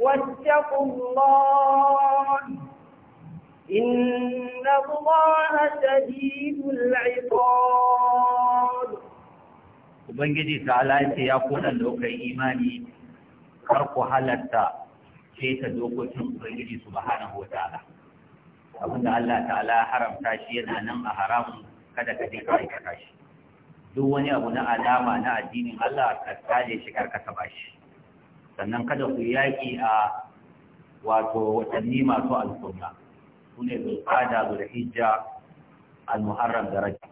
واتقوا الله إن الله شديد العقاب Ubangiji ta'ala ce ya koɗa da imani kar ku halatta ce dokokin Ubangiji subhanahu wa ta'ala abinda Allah ta'ala haramta shi yana nan a haramun kada ka je ka aikata shi duk wani abu na alama na addinin Allah ka tsale shi karka saba shi sannan kada ku yaƙi a wato watanni masu sune su ne da zulhijja almuharram da rajab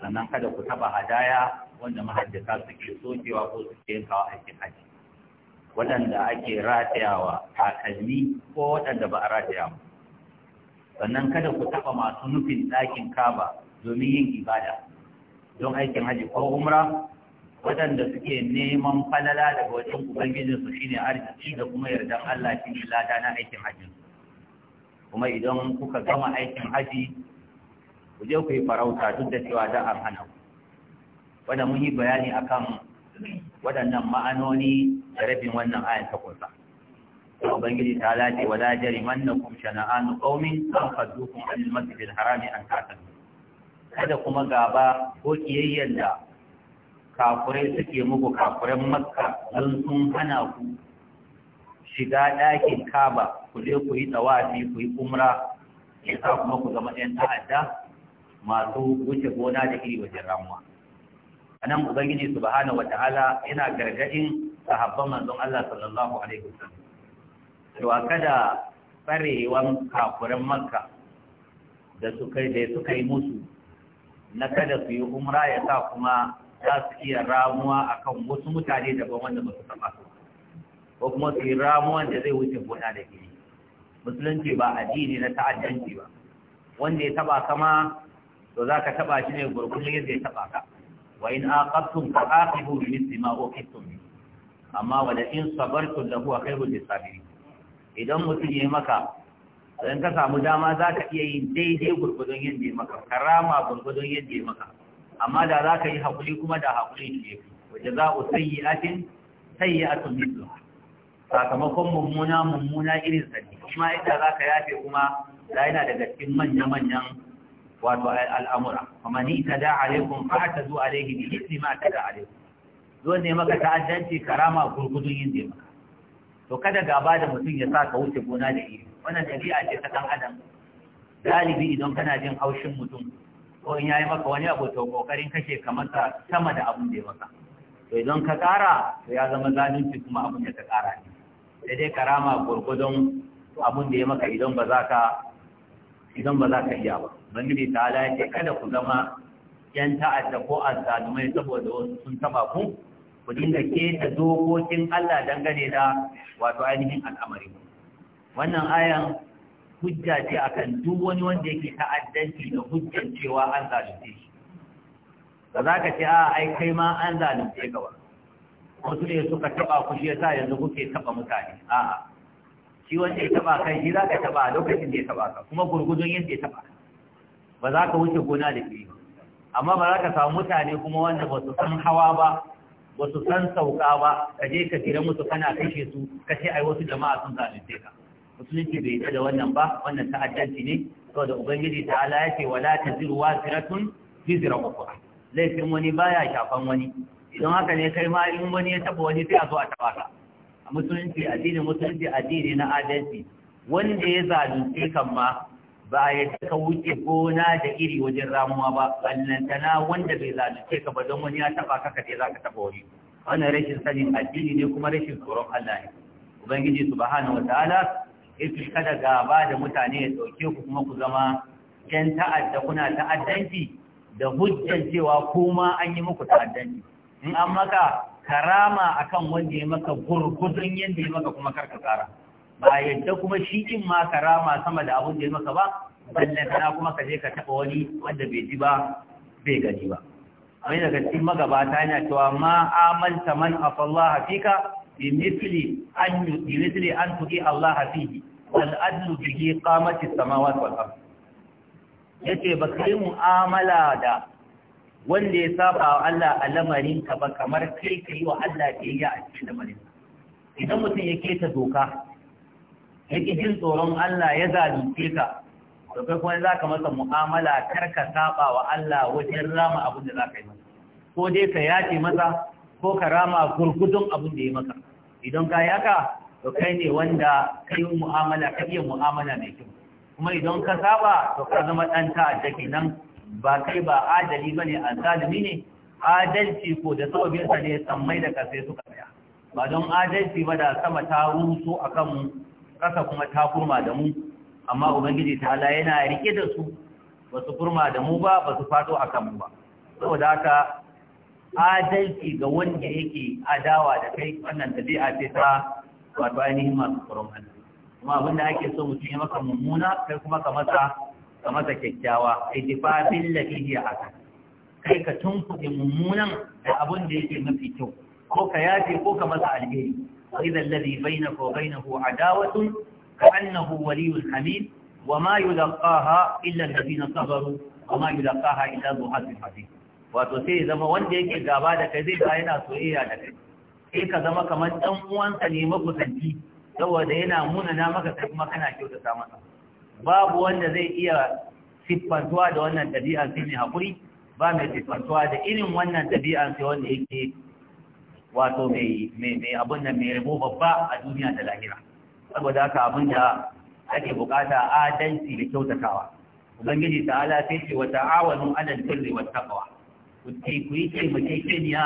sannan kada ku taɓa hadaya wanda mahajjata suke sokewa ko suke yankawa aikin haji waɗanda ake ratayawa takalmi ko waɗanda ba a ratayawa sannan kada ku taɓa masu nufin ɗakin kaba domin yin ibada don aikin haji ko umra waɗanda suke neman falala daga wajen ubangijinsu shine arziki da kuma yarda Allah shi lada na aikin hajjin kuma idan kuka gama aikin haji ku je ku yi farauta duk da cewa da an hana ku mun yi bayani akan waɗannan ma'anoni da rabin wannan ayan ta kunsa ubangiji ta lati wala jarimannakum shana'anu qaumin an faddukum anil masjidil harami an ta'tadu kada kuma gaba ko kiyayyen da kafurai suke muku kafuran makka don sun hana ku shiga ɗakin kaba ku je ku yi tsawafi ku yi umra ya sa kuma ku zama ɗan ta'adda masu wuce gona da iri wajen ramuwa a nan ubangiji subhanahu wa ta'ala yana gargaɗin sahabban manzon Allah sallallahu alaihi wasallam cewa kada tsarewan kafuran makka da suka da suka yi musu na kada su yi umra ya sa kuma za su iya ramuwa a kan wasu mutane daban wanda ba su taɓa ko kuma su yi ramuwan da zai wuce gona da gini musulunci ba addini na ta'addanci ba wanda ya taɓa kama to za ka taɓa shi ne gurgurin yadda ya taɓa ka wa in aqabtum fa aqibu bi mithli ma uqibtum bi amma wala in sabartum lahu khairul lisabirin idan mutum ya maka idan ka samu dama za ka iya yin daidai gurgudun yadda ya maka karama gurgudun yadda ya maka amma da za ka yi haƙuri kuma da haƙuri ne, wajen za a sayi sai yi ake mislu sakamakon mummuna mummuna irin sani kuma inda za ka yafe kuma za yana daga cikin manya-manyan wato al'amura kuma ni ta da alaikun ba ta zo alaihi bi isli ma ta da alaikun zuwa ne maka ta ta'addanci karama gurgudun yin zai maka to kada gaba da mutum ya sa ka wuce gona da iri wannan ɗabi'a ce ta ɗan adam galibi idan kana jin haushin mutum ko in yayi maka wani abu to kokarin kake kamar ta sama da abun da ya maka to idan ka kara to ya zama zalunci kuma abun da ka kara ne sai dai karama gurgudun abun da ya maka idan ba za ka idan ba za ka iya ba bangiji ta ala ya kada ku zama yan ta'adda ko azzalumai saboda wasu sun taba ku ku dinga ke keta dokokin Allah dangane da wato ainihin al'amari wannan ayan hujja ce kan duk wani wanda yake ta'addanci da hujjar cewa an zalunce shi ba za ka ce a ai kai ma an zalunce ka ba wasu ne suka taba ku shi yasa yanzu kuke taba mutane a'a shi wanda ya taba kai shi za ka taba lokacin da ya taba ka kuma gurgudun yadda ya taba ba za ka wuce gona da ke amma ba za ka samu mutane kuma wanda ba su san hawa ba ba su san sauka ba ka je ka jira musu kana kashe su ka ce ai wasu jama'a sun zalunce ka musulunci bai ita da wannan ba wannan ta'addanci ne saboda ubangiji ta ala ya ce wala taziru waziratun fizira ukhra laifin wani baya shafan wani idan haka ne kai ma in wani ya taba wani sai a zo a taba ka a musulunci addini musulunci addini na adalci wanda ya zalunce kan ma ba ya ka wuce gona da iri wajen ramuwa ba ballantana wanda bai zalunce ka ba don wani ya taba ka kace za ka taba wani wannan rashin sanin addini ne kuma rashin tsoron Allah ne ubangiji subhanahu wataala yace kada gaba da mutane ya dauke ku kuma ku zama can ta'adda kuna ta'addanci da hujjan cewa kuma an yi muku ta'addanci in an maka karama akan wanda ya maka gurgudun yanda ya maka kuma karka tsara ba yadda kuma shi in ma karama sama da abin da ya maka ba balle kana kuma ka je ka taba wani wanda bai ji ba bai gani ba amma daga cikin magabata yana cewa ma amanta man afallaha fika بمثل أن بمثل أن تطيع الله فيه والعدل به قامت السماوات والأرض yace ba kai mu'amala da wanda ya saba wa Allah a lamarinka ba kamar kai ka yi wa Allah ke yi a cikin lamarin idan mutum ya keta doka ya ƙi jin tsoron Allah ya zalunce ka to kai kuma za ka masa mu'amala kar ka saba wa Allah wajen rama abin da za ka yi masa ko dai ka yace masa ko ka rama gurgudun abin da ya maka idan ka yi haka to kai ne wanda ka yi mu'amala ka iya mu'amala mai kyau kuma idan ka saba to ka zama ɗan ta'adda kenan ba kai ba adali bane zalimi ne adalci ko da sababinsa sa ne sammai da kasai suka tsaya ba don adalci ba da sama ta ruso akan mu kasa kuma ta kurma da mu amma ubangiji ta ala yana rike da su ba su kurma da mu ba ba su fado a mu ba saboda haka adalci ga wanda yake adawa da kai wannan tabi'a ce ta wato ainihin masu tsoron kuma abin da ake so mutum ya maka mummuna kai kuma ka masa ka masa kyakkyawa ittifa billati a hasan kai ka tunkuɗe mummunan da abin da yake mafi kyau ko ka yafe ko ka masa alheri wa idan ladhi bainaka wa bainahu adawatun ka annahu waliyyun hamid wa ma yulqaha illa alladhina sabaru wa ma yulqaha illa dhu hasbin wato sai zama wanda yake gaba da kai zai ga yana soyayya da kai sai ka zama kamar dan uwansa ne makusanci saboda yana munana maka kai kuma kana kyautata masa babu wanda zai iya siffantuwa da wannan dabi'a sai mai haƙuri ba mai siffantuwa da irin wannan dabi'a sai wanda yake wato mai mai abin nan mai rabo babba a duniya da lahira saboda haka abin da ake bukata adalci da kyautatawa ubangiji ta'ala sai ce wa ta'awanu 'alal birri wat taqwa ku yi taimakekeniya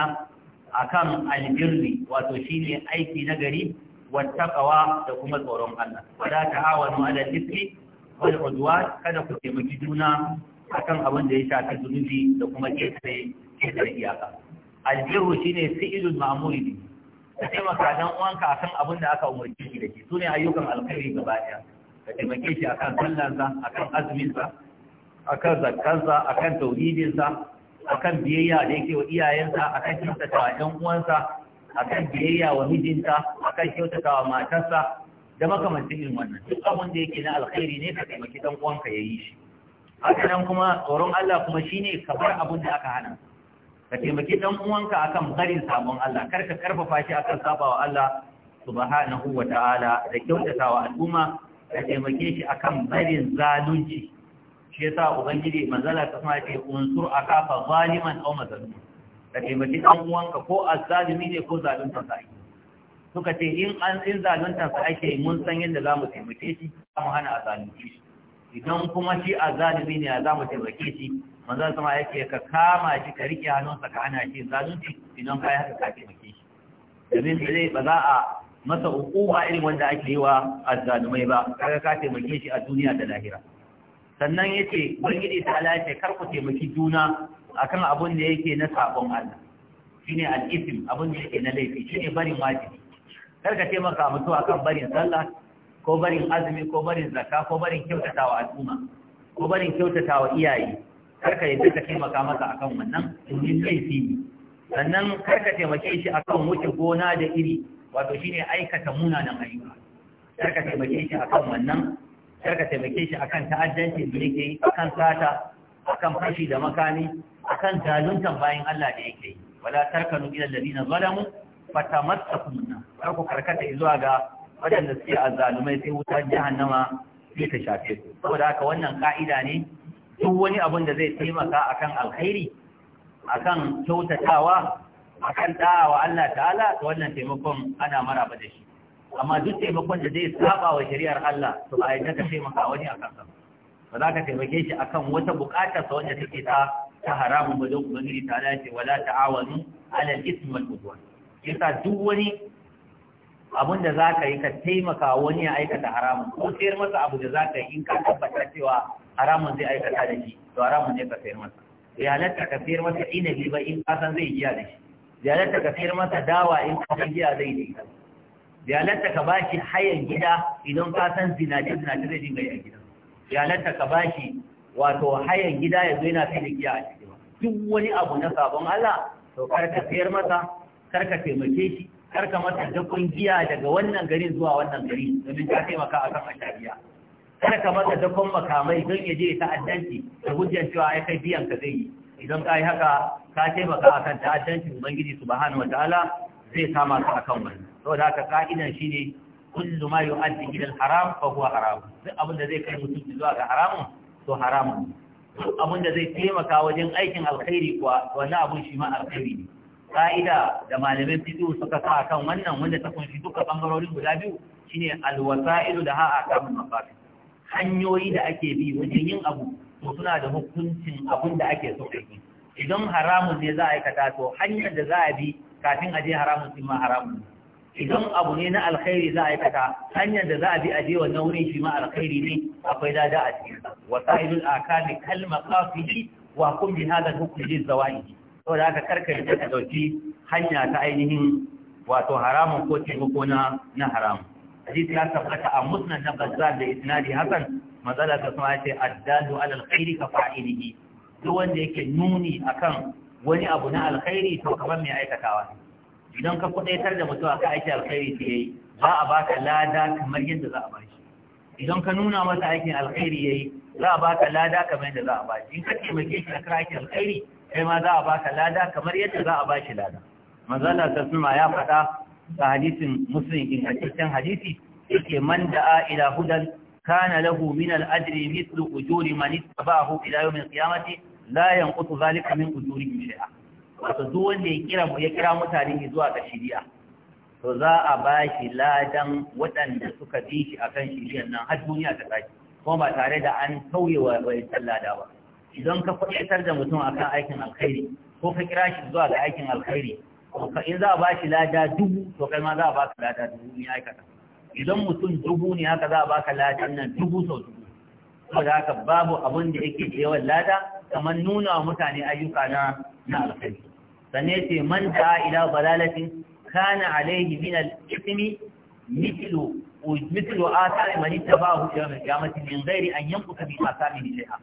a kan albirri wato shi ne aiki na gari wattakawa da kuma tsoron Allah wadda ta hawa ma'adar iski wani uzuwa kada ku taimaki juna a kan abin da ya shafi zunubi da kuma ƙetare iyaka albirru shi ne fi'ilul ma'amuri ne ka taimaka dan uwanka akan abin da aka umarci shi da shi su ne ayyukan alkhairi gaba ɗaya ka taimake shi akan a akan azuminsa kan zakkansa akan tauhidinsa A kan biyayya da yake wa iyayensa a kan kyautata wa ɗan uwansa kan biyayya wa mijinta a kan kyautata wa matarsa da makamancin irin wannan duk abin da yake na alkhairi ne ka taimaki ɗan uwanka ya yi shi haka nan kuma tsoron Allah kuma shi ne ka bar abin da aka hana ka taimaki ɗan uwanka akan barin sabon Allah kar ka karfafa shi akan wa Allah subhanahu wa ta'ala da kyautatawa al'umma ka taimake shi akan barin zalunci shi yasa ubangiji manzala ta sama ce unsur kafa zaliman aw mazlum ka taimaki dan uwanka ko azzalimi ne ko zalunta sai suka ce in an in zalunta sa ake mun san yadda za mu taimake shi za mu hana a zalunci idan kuma shi azzalimi ne za mu taimake shi manzala sama yake ka kama shi ka rike hannunsa ka hana shi zalunci idan ka yi haka ka taimake shi domin zai ba za a masa hukuma irin wanda ake yi wa azzalumai ba kaga ka taimake shi a duniya da lahira sannan yace bangide ta Allah yace kar ku taimaki juna akan abun da yake na sabon Allah shine al-ithm abun da yake na laifi shine barin wajibi kar ka taimaka mutu akan barin sallah ko barin azumi ko barin zakka ko barin kyautatawa al'umma ko barin kyautatawa iyaye kar ka yadda ka taimaka masa akan wannan domin laifi ne sannan karka taimake shi akan wuce gona da iri wato shine aikata munanan ayyuka karka taimake shi akan wannan kar ka taimake shi akan ta'addancin da yake yi akan sata akan fashi da makami akan zaluntan bayan Allah da yake yi wala tarkanu ila alladhina zalamu fatamassakum na kar ku karkata zuwa ga wadanda suke azzalumai sai wuta jahannama sai ta shafe ku saboda haka wannan ka'ida ne duk wani abun da zai taimaka akan alkhairi akan kyautatawa akan da'awa Allah ta'ala to wannan taimakon ana maraba da shi amma duk taimakon da zai saba wa shari'ar Allah to ba a yadda ka taimaka wani a kansa ba za ka taimake shi akan wata bukatar sa wanda take ta ta haramun ba don ubangiji ta ce, wala ta'awanu alal ismi wal udwan yasa duk wani abun da za ka yi ka taimaka wani ya aikata haramun ko sayar masa abu da za ka yi in ka tabbata cewa haramun zai aikata da shi to haramun ne ka sayar masa ya halatta ka sayar masa inabi ba in ka san zai giya da shi ya halatta ka sayar masa dawa in ka san giya zai da ita yalanta ka bashi hayan gida idan ka san zinaje zinaje zai dinga a gidan yalanta ka bashi wato hayan gida ya zo yana sai da giya a cikin ba duk wani abu na sabon Allah to kar ka sayar masa kar ka taimake shi kar ka masa dakon giya daga wannan garin zuwa wannan gari domin ka taimaka a kan ashariya kar ka masa dakon makamai don ya je ta'addanci da hujjar cewa ai kai biyan ka zai yi idan ka yi haka ka taimaka a kan ta'addanci ubangiji subhanahu wataala zai kama su akan wani saboda haka ka'idan ne kullu ma yu'addi ila al-haram fa huwa haram duk abin da zai kai mutum zuwa ga haramun to haramun duk abin da zai taimaka wajen aikin alkhairi kuwa wannan abun shi ma alkhairi ne ka'ida da malamin fiqh suka sa kan wannan wanda ta kunshi duka bangarorin guda biyu shine al-wasa'ilu da ha'a kamun mafafi hanyoyi da ake bi wajen yin abu to suna da hukuncin abin da ake so kai idan haramun ne za a aikata to hanyar da za a bi kafin a je haramun din ma haramun idan abu ne na alkhairi za a aikata hanyar da za a bi a je wannan wurin shi ma alkhairi ne akwai dada a cikin wa sa'ilul akami kalma qafihi wa kun bi hadha hukm lil saboda haka karkar da ka dauki hanya ta ainihin wato haramun ko taimako na na haram. hadisi ya tabbata a musnad na bazzar da isnadi hasan mazala ta sama ce addalu ala alkhairi ka fa'ilihi duk wanda yake nuni akan wani abu na alkhairi to kamar mai aikatawa idan ka kudaitar da mutum ka aiki alkhairi ta yi, za a ba ka lada kamar yadda za a ba shi idan ka nuna masa aikin alkhairi ya yi, za a ba ka lada kamar yadda za a ba shi in ka taimake shi kira aikin alkhairi kai ma za a ba ka lada kamar yadda za a ba shi lada manzo Allah sallallahu ya faɗa ga hadisin muslim ingantaccen hadisi yake man da'a ila hudan kana lahu min al-ajri mithlu ujuri man ittaba'ahu ila yawm al-qiyamati la yanqutu zalika min ujurihim shay'a wato duk wanda ya kira mu ya kira mutane zuwa ga shari'a to za a ba shi ladan waɗanda suka bi shi akan shari'ar nan har duniya ta tsaki kuma ba tare da an tauye wa wancan lada ba idan ka faɗaitar da mutum akan aikin alkhairi ko ka kira shi zuwa ga aikin alkhairi to in za a ba shi lada dubu to kai ma za a ba ka lada dubu ne aikata idan mutum dubu ne haka za a ba ka ladan nan dubu sau dubu saboda haka babu abun da yake da yawan lada kamar nuna wa mutane ayyuka na na alkhairi sannan ce man da'a ila balalatin kana alaihi min al-ithmi mithlu mithlu athari man tabahu yawm al-qiyamati min ghairi an yanquta bi asami shay'a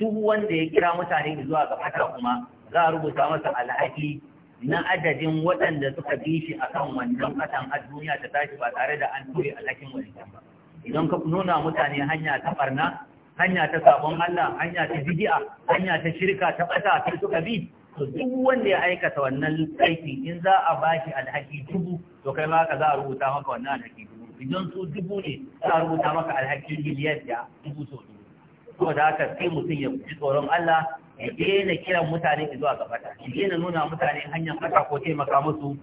duk wanda ya kira mutane zuwa ga fata kuma za a rubuta masa alhaki na adadin waɗanda suka bi shi kan wannan katan a duniya ta tashi ba tare da an ture alhakin wani ba idan ka nuna mutane hanya ta barna hanya ta sabon Allah hanya ta bid'a hanya ta shirka ta bata ta suka bi to duk wanda ya aikata wannan aiki in za a bashi alhaki dubu to kai ma ka za a rubuta maka wannan alhaki dubu idan su dubu ne za a rubuta maka alhaki miliyan da dubu so dubu da haka sai mutum ya ji tsoron Allah ya daina kiran mutane zuwa ga fata ya daina nuna mutane hanyar fata ko taimaka musu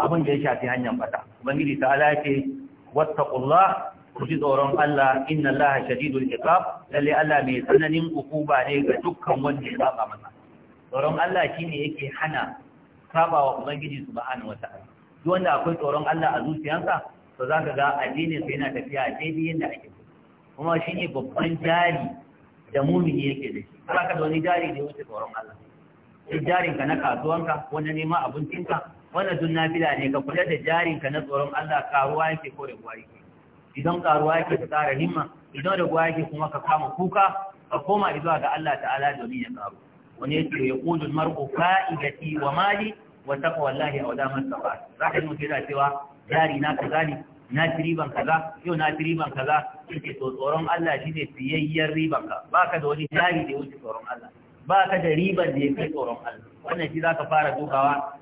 abin da ya shafi hanyar fata ubangiji ta ala ce wattaqullah ku ji tsoron Allah inna Allah shadidul iqab lalle Allah mai tsananin ukuba ne ga dukkan wanda ya saba masa tsoron Allah shine yake hana saba wa ubangiji subhanahu wataala duk wanda akwai tsoron Allah a zuciyarsa to zaka ga addinin sa yana tafiya daidai yadda ake kuma shine babban jari da mumini yake da shi kana ka da wani jari da ya wuce tsoron Allah jarin ka na kasuwanka wanda neman abincinka wannan dun nafila ne ka kula da jarin ka na tsoron Allah karuwa yake ko rabuwa yake idan karuwa yake ka tsara himma idan raguwa yake kuma ka kama kuka ka koma zuwa ga Allah ta'ala domin ya karu wani yake ya kudin marko fa'idati wa mali wa taqa wallahi aw da man taqa zaka yi mutum yana cewa jari na kaza ne na ci riban kaza yau na ci riban kaza yake to tsoron Allah shine fiyayyar riban ka baka da wani jari da wuce tsoron Allah baka da riban da yake tsoron Allah wannan shi zaka fara dukawa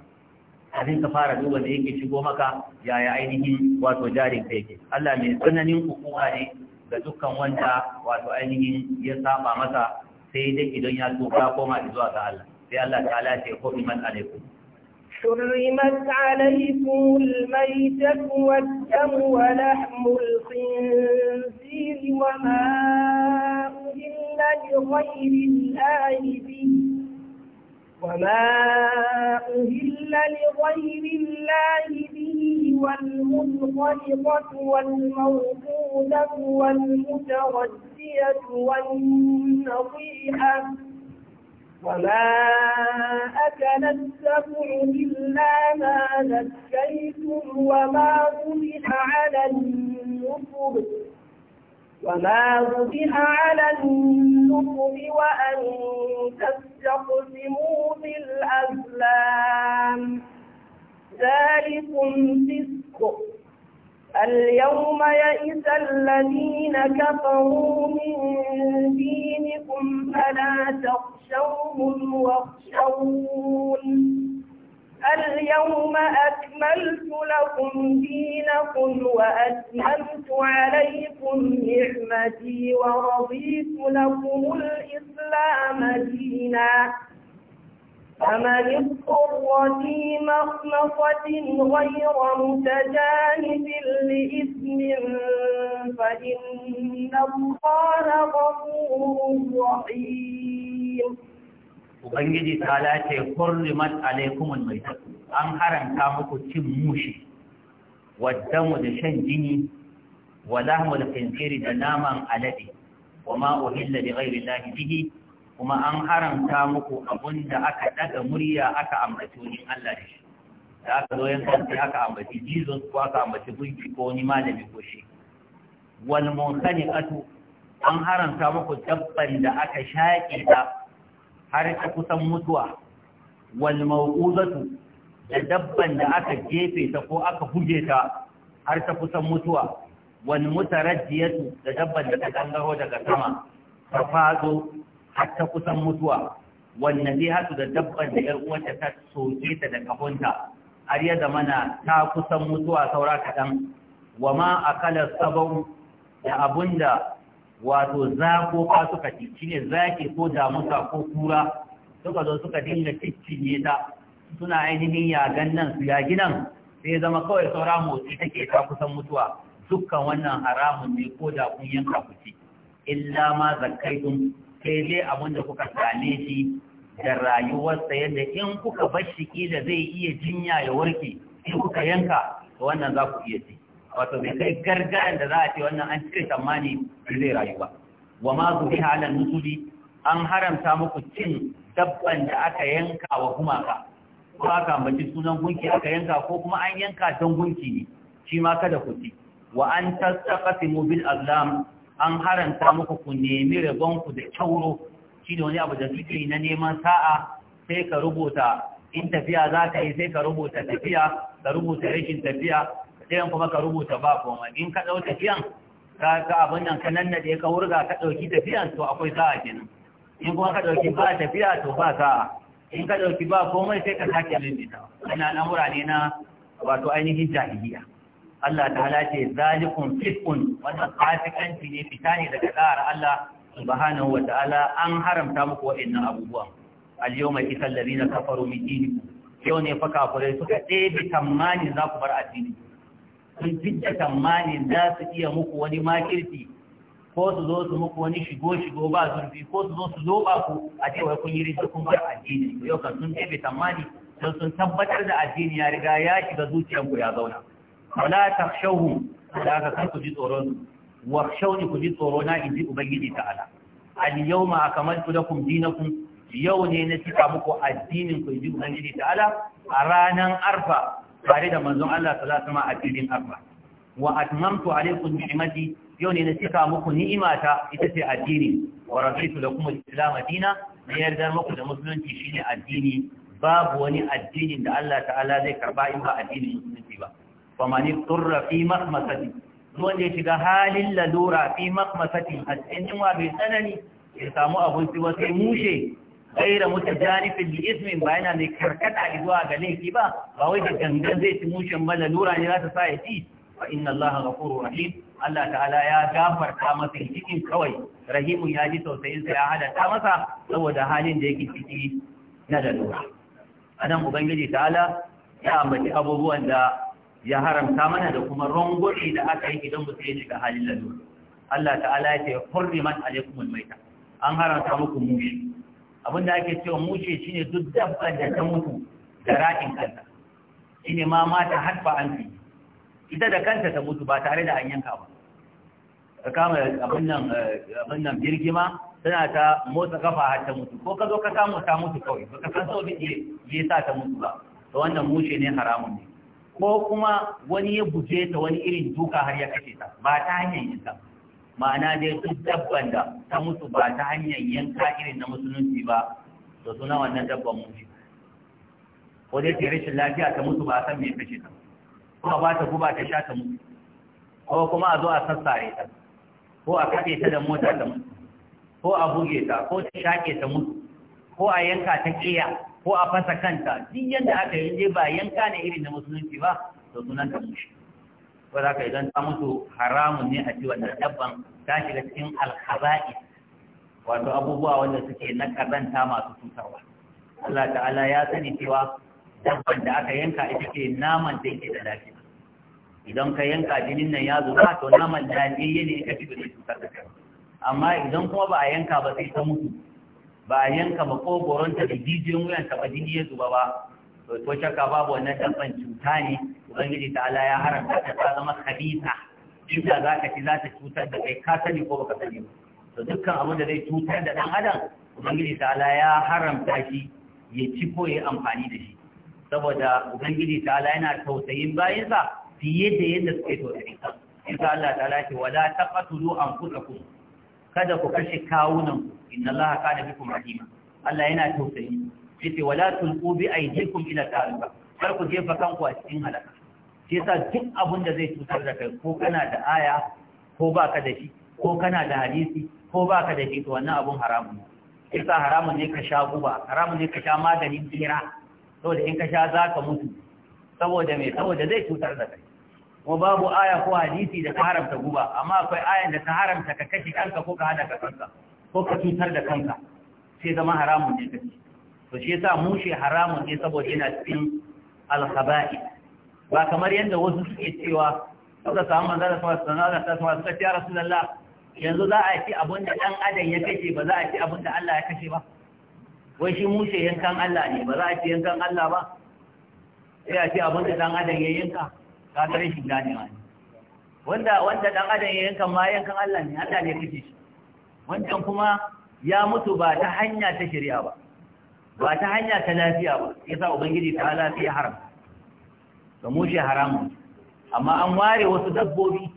abin ka fara duba da yake shigo maka yaya ainihin wato jarin ka yake Allah mai tsananin hukuma ne ga dukkan wanda wato ainihin ya saba masa sai dai idan ya tuba koma zuwa ga Allah sai Allah ta ce ko iman alaikum حرمت عليكم الميتة والدم ولحم الخنزير وما أهل لغير الله به وما أهل لغير الله به والمنطلقة والموقودة والمتردية والنصيحة وما أكل السبع إلا ما نسيتم وما ذبح على النصر وما ذبح على النصب وأن تستقسموا بالأزلام ذلكم فسق اليوم يئس الذين كفروا من دينكم فلا تخشوهم واخشون اليوم أكملت لكم دينكم وأتممت عليكم نعمتي ورضيت لكم الإسلام دينا فمن اضطر في مخمصة غير متجانب لإثم فإن الله غفور رحيم ubangiji ta lace kurrimat alaikumul maitat an haramta muku cin mushi waddamu da shan jini wa da khinziri da naman alade wa ma uhilla li ghairi llahi bihi kuma an haramta muku abun da aka daga murya aka ambaci wani Allah da shi da aka zo yankan sai aka ambaci Jesus ko aka ambaci gunki ko wani malami ko shi wal Atu an haramta muku dabban da aka shaƙe ta har ta kusan mutuwa wal mau'uzatu da dabban da aka jefe ta ko aka buge ta har ta kusan mutuwa wal mutarajjiyatu da dabban da ta gangaro daga sama ta fado har ta kusan mutuwa wal nadihatu da dabban da yar uwanta ta soke ta da kafunta har ya zamana ta kusan mutuwa saura kaɗan wa ma akala sabon da abunda wato za ko ka suka ci za ke ko damusa ko kura suka zo suka dinga ciccinye ta suna ainihin yagan nan su ya nan sai zama kawai saura motsi take ta kusan mutuwa dukkan wannan haramun ne ko da kun yanka ku ci illa ma zakaitun sai dai abin da kuka same shi da rayuwarsa yadda in kuka bar shi kila zai iya jinya ya warke in kuka yanka wannan za ku iya ci wato mai kai gargaran da za a ce wannan an cire tsammani zai rayu ba wa ma zuhi halan nusuli an haramta muku cin dabban da aka yanka wa gumaka ko aka ambaci sunan gunki aka yanka ko kuma an yanka don gunki ne shi ma kada ku ci wa an mu bil azlam an haramta muku ku nemi rabon ku da kyauro shi ne wani abu da suke na neman sa'a sai ka rubuta in tafiya za ka yi sai ka rubuta tafiya ka rubuta rashin tafiya ɗayan kuma ka rubuta ba kuma. in ka ɗau tafiyan ka ka abin nan ka nannaɗe ka wurga ka ɗauki tafiyan to akwai sa'a kenan in kuma ka ɗauki ba tafiya to ba sa'a in ka ɗauki ba komai sai ka sake maimaita Ina nan wurare na wato ainihin jahiliya Allah ta halace zalikun fitkun wannan fasikanci ne fita ne daga ɗa'ar Allah subhanahu wa ta'ala an haramta muku waɗannan abubuwan al-yawma isal ladina kafaru min dinikum yau ne fa kafirai suka ɗebe tamani za ku bar addini kun da tamanin za su iya muku wani makirti ko su zo su muku wani shigo-shigo ba zurfi ko su zo su ba ku a cewa kun yi rinta kun bar addini yau ka sun ɗebe tsammani don sun tabbatar da addini ya riga ya shiga zuciyanku ya zauna wala ta shahu da aka kan ku ji tsoron wa wa shauni ku ji tsoro na in ji ubangiji Ala. al yau ma akamaltu lakum kun yau ne na cika muku addinin ku in ji ubangiji Ala a ranan arfa tare da manzon Allah sallallahu alaihi a filin arba wa atmamtu alaikum ni'mati yau ne na cika muku ni'imata ita ce addini wa raditu lakum al-islam dina ne yarda muku da musulunci shine addini babu wani addinin da Allah ta'ala zai karba in ba addinin musulunci ba fa man turra fi mahmasati wanda ya shiga halin lalura fi mahmasatin a cikin wa bai tsanani ya samu abinci sai mushe gaira mutu janifin da ismin ba yana mai karkata zuwa ga laifi ba ba wai da gangan zai ci mushin ba lura ne za ta sa ya ci fa inna allaha ghafurur rahim Allah ta'ala ya gafarta masa cikin kawai rahimun ya ji tausayin sa ya ta masa saboda halin da yake ciki na lalura anan ubangiji ta'ala ya ambaci abubuwan da ya haramta mana da kuma rangwani da aka yi idan mutum ya shiga halin lalura Allah ta'ala ya ce hurriman alaikumul maita an haramta muku mushi abin da ake cewa mushe ne duk dabban da ta mutu da ra'in kanta ne ma mata har ba an fi ita da kanta ta mutu ba tare da an yanka ba ka kama eh, abin nan birgima tana ta motsa kafa har ta mutu ko ka zo ka samu ta mutu kawai ba ka san sau da ya sa ta mutu ba to wannan mushe ne haramun ne ko kuma wani ya buje ta wani irin duka har ya kashe ta ba ta hanyar yin ta ma'ana dai duk dabban da ta mutu ba ta hanyar yanka irin na musulunci ba to suna wannan dabban mutu ko dai ta rashin lafiya ta mutu ba a san mai kashe ta kuma ba ta guba ta sha ta mutu ko kuma a zo a sassare ta ko a kaɗe ta da mota ta mutu ko a buge ta ko ta shaƙe ta mutu ko a yanka ta ƙiya ko a fasa kanta duk yadda aka yi ba yanka ne irin na musulunci ba to sunan ta mutu. ko za ka idan ta mutu haramun ne a ci wannan dabban ta shiga cikin alkhaba'i wato abubuwa wanda suke na karanta masu cutarwa Allah ta'ala ya sani cewa dabban da aka yanka ita ce naman da yake da lafiya idan ka yanka jinin nan ya zuba to naman da ne ka ci da cutar da kai amma idan kuma ba a yanka ba sai ta mutu ba a yanka ba ko ta da jijiyoyin wuyan ta ba jini ya zuba ba ko to shakka babu wannan dabban cuta ne ubangiji ta ala ya haramta ta ta zama khabisa inda za ka ci za ta cutar da kai ka sani ko baka sani to dukkan abin da zai cutar da ɗan adam ubangiji ta ala ya haramta shi ya ci ko ya amfani da shi saboda ubangiji ta ala yana tausayin bayansa fiye da yadda suke tausayin sa in ka Allah ta lafi wala an taqatulu anfusakum kada ku kashe kawunan inna Allah kana bikum rahima Allah yana tausayi yace wala tulqu bi aydikum ila ta'aluka kar ku jefa kanku a cikin halaka shi yasa duk abin da zai cutar da kai ko kana da aya ko baka da shi ko kana da hadisi ko baka da shi to wannan abun haramun ne yasa haramun ne ka sha guba haramun ne ka sha maganin tsira saboda in ka sha za ka mutu saboda me saboda zai cutar da kai kuma babu aya ko hadisi da ka haramta guba amma akwai ayan da ta haramta ka kashe kanka ko ka hada ka kanka ko ka cutar da kanka sai zama haramun ne kace to shi yasa mushe haramun ne saboda yana cikin al ba kamar yadda wasu suke cewa suka samu manzara sanar da ta sama suka ce rasulallah yanzu za a ci abin da ɗan adam ya kashe ba za a ci abin da Allah ya kashe ba wai shi mushe yankan Allah ne ba za a ci yankan Allah ba sai a ci abin da ɗan adam ya yanka ka ga rashin ganewa ne wanda wanda ɗan adam ya yanka ma yankan Allah ne Allah ne kashe shi wancan kuma ya mutu ba ta hanya ta shirya ba ba ta hanya ta lafiya ba yasa ubangiji ta lafiya haram ga mushe haramun amma an ware wasu dabbobi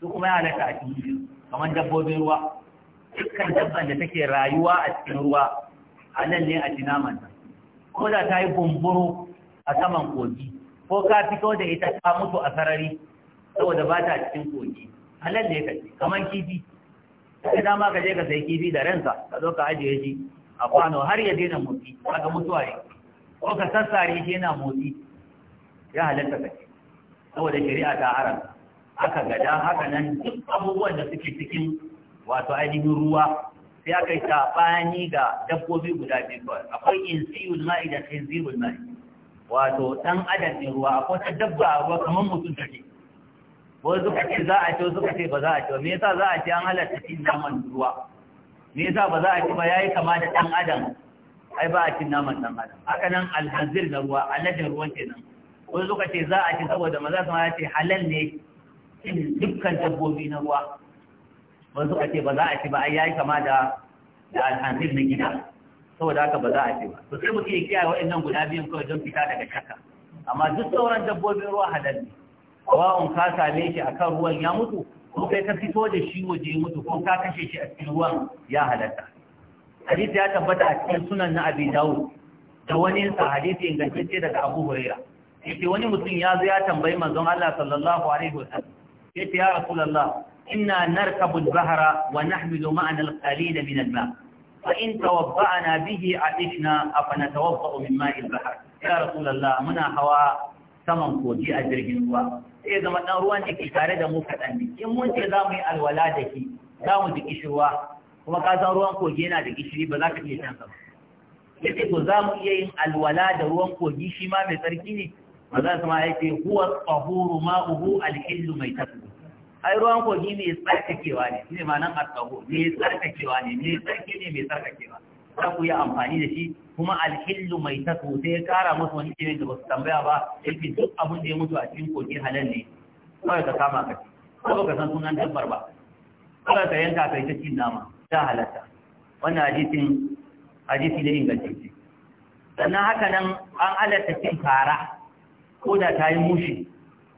su kuma ya halatta a cikin su kamar dabbobin ruwa dukkan dabban da take rayuwa a cikin ruwa nan ne a ci naman ko da ta yi bumburu a saman kogi ko ka fito da ita ta mutu a sarari saboda ba ta cikin kogi nan ne kace kamar kifi sai dama ka je ka sai kifi da ransa ka zo ka ajiye shi a kwano har ya daina motsi ga mutuwa ne ko ka sassare shi yana motsi ya halatta take. saboda shari'a ta haram aka gada haka nan duk abubuwan da suke cikin wato ainihin ruwa sai aka yi saɓani ga dabbobi guda biyu ba, akwai insiyul ma'i da khinzirul ma'i wato ɗan adam ne ruwa akwai ta dabba ruwa kamar mutum take ko suka ce za a ce suka ce ba za a ce me yasa za a ce an halatta cin naman ruwa me yasa ba za a ce ba yayi kama da ɗan adam ai ba a cin naman ɗan adam haka nan alhanzir na ruwa alladin ruwan kenan wani suka ce za a ce saboda maza su ya ce halal ne cin dukkan dabbobi na ruwa wani suka ce ba za a ce ba ya yayi kama da da na gida saboda haka ba za a ce ba to sai mutum ya kiyaye waɗannan guda biyun kawai don fita daga shaka amma duk sauran dabbobin ruwa halal ne wa'un ka same shi akan ruwan ya mutu ko kai ka fito da shi waje ya mutu ko ka kashe shi a cikin ruwan ya halatta hadisi ya tabbata a cikin sunan na abi dawud da wani sa hadisi ingantacce daga abu huraira yace wani mutum ya zo ya tambayi manzon Allah sallallahu alaihi wasallam yace ya rasulullah inna narkabu al-bahra wa nahmilu ma'ana al-qalil min al-ma' fa in tawaffa'na bihi atishna afanatawaffa'u min ma'i al-bahr ya rasulullah muna hawa saman koji a jirgin ruwa sai zama dan ruwan da ke tare da mu kadan ne in mun ce za mu yi alwala da shi za mu ji kishirwa kuma ka san ruwan kogi yana da kishiri ba za ka iya shan sa ba yace to za mu iya yin alwala da ruwan kogi shi ma mai tsarki ne maza su ma yake huwa tsahuru ma'uhu alhillu mai tafi ai ruwan kogi ne tsarkakewa ne shi ne ma nan a tsaho ne tsarkakewa ne ne tsarki ne mai tsarkakewa za ku yi amfani da shi kuma alhillu mai tafi sai ya kara musu wani ilimin da ba su tambaya ba yake duk abin da ya mutu a cikin kogi halal ne kawai ka kama ka ci ko ka san sunan dabbar ba kawai ka yanka yi ta cin nama ta halatta wannan hadisin hadisi ne ingantacce sannan haka nan an halatta cin fara ko da ta yi mushi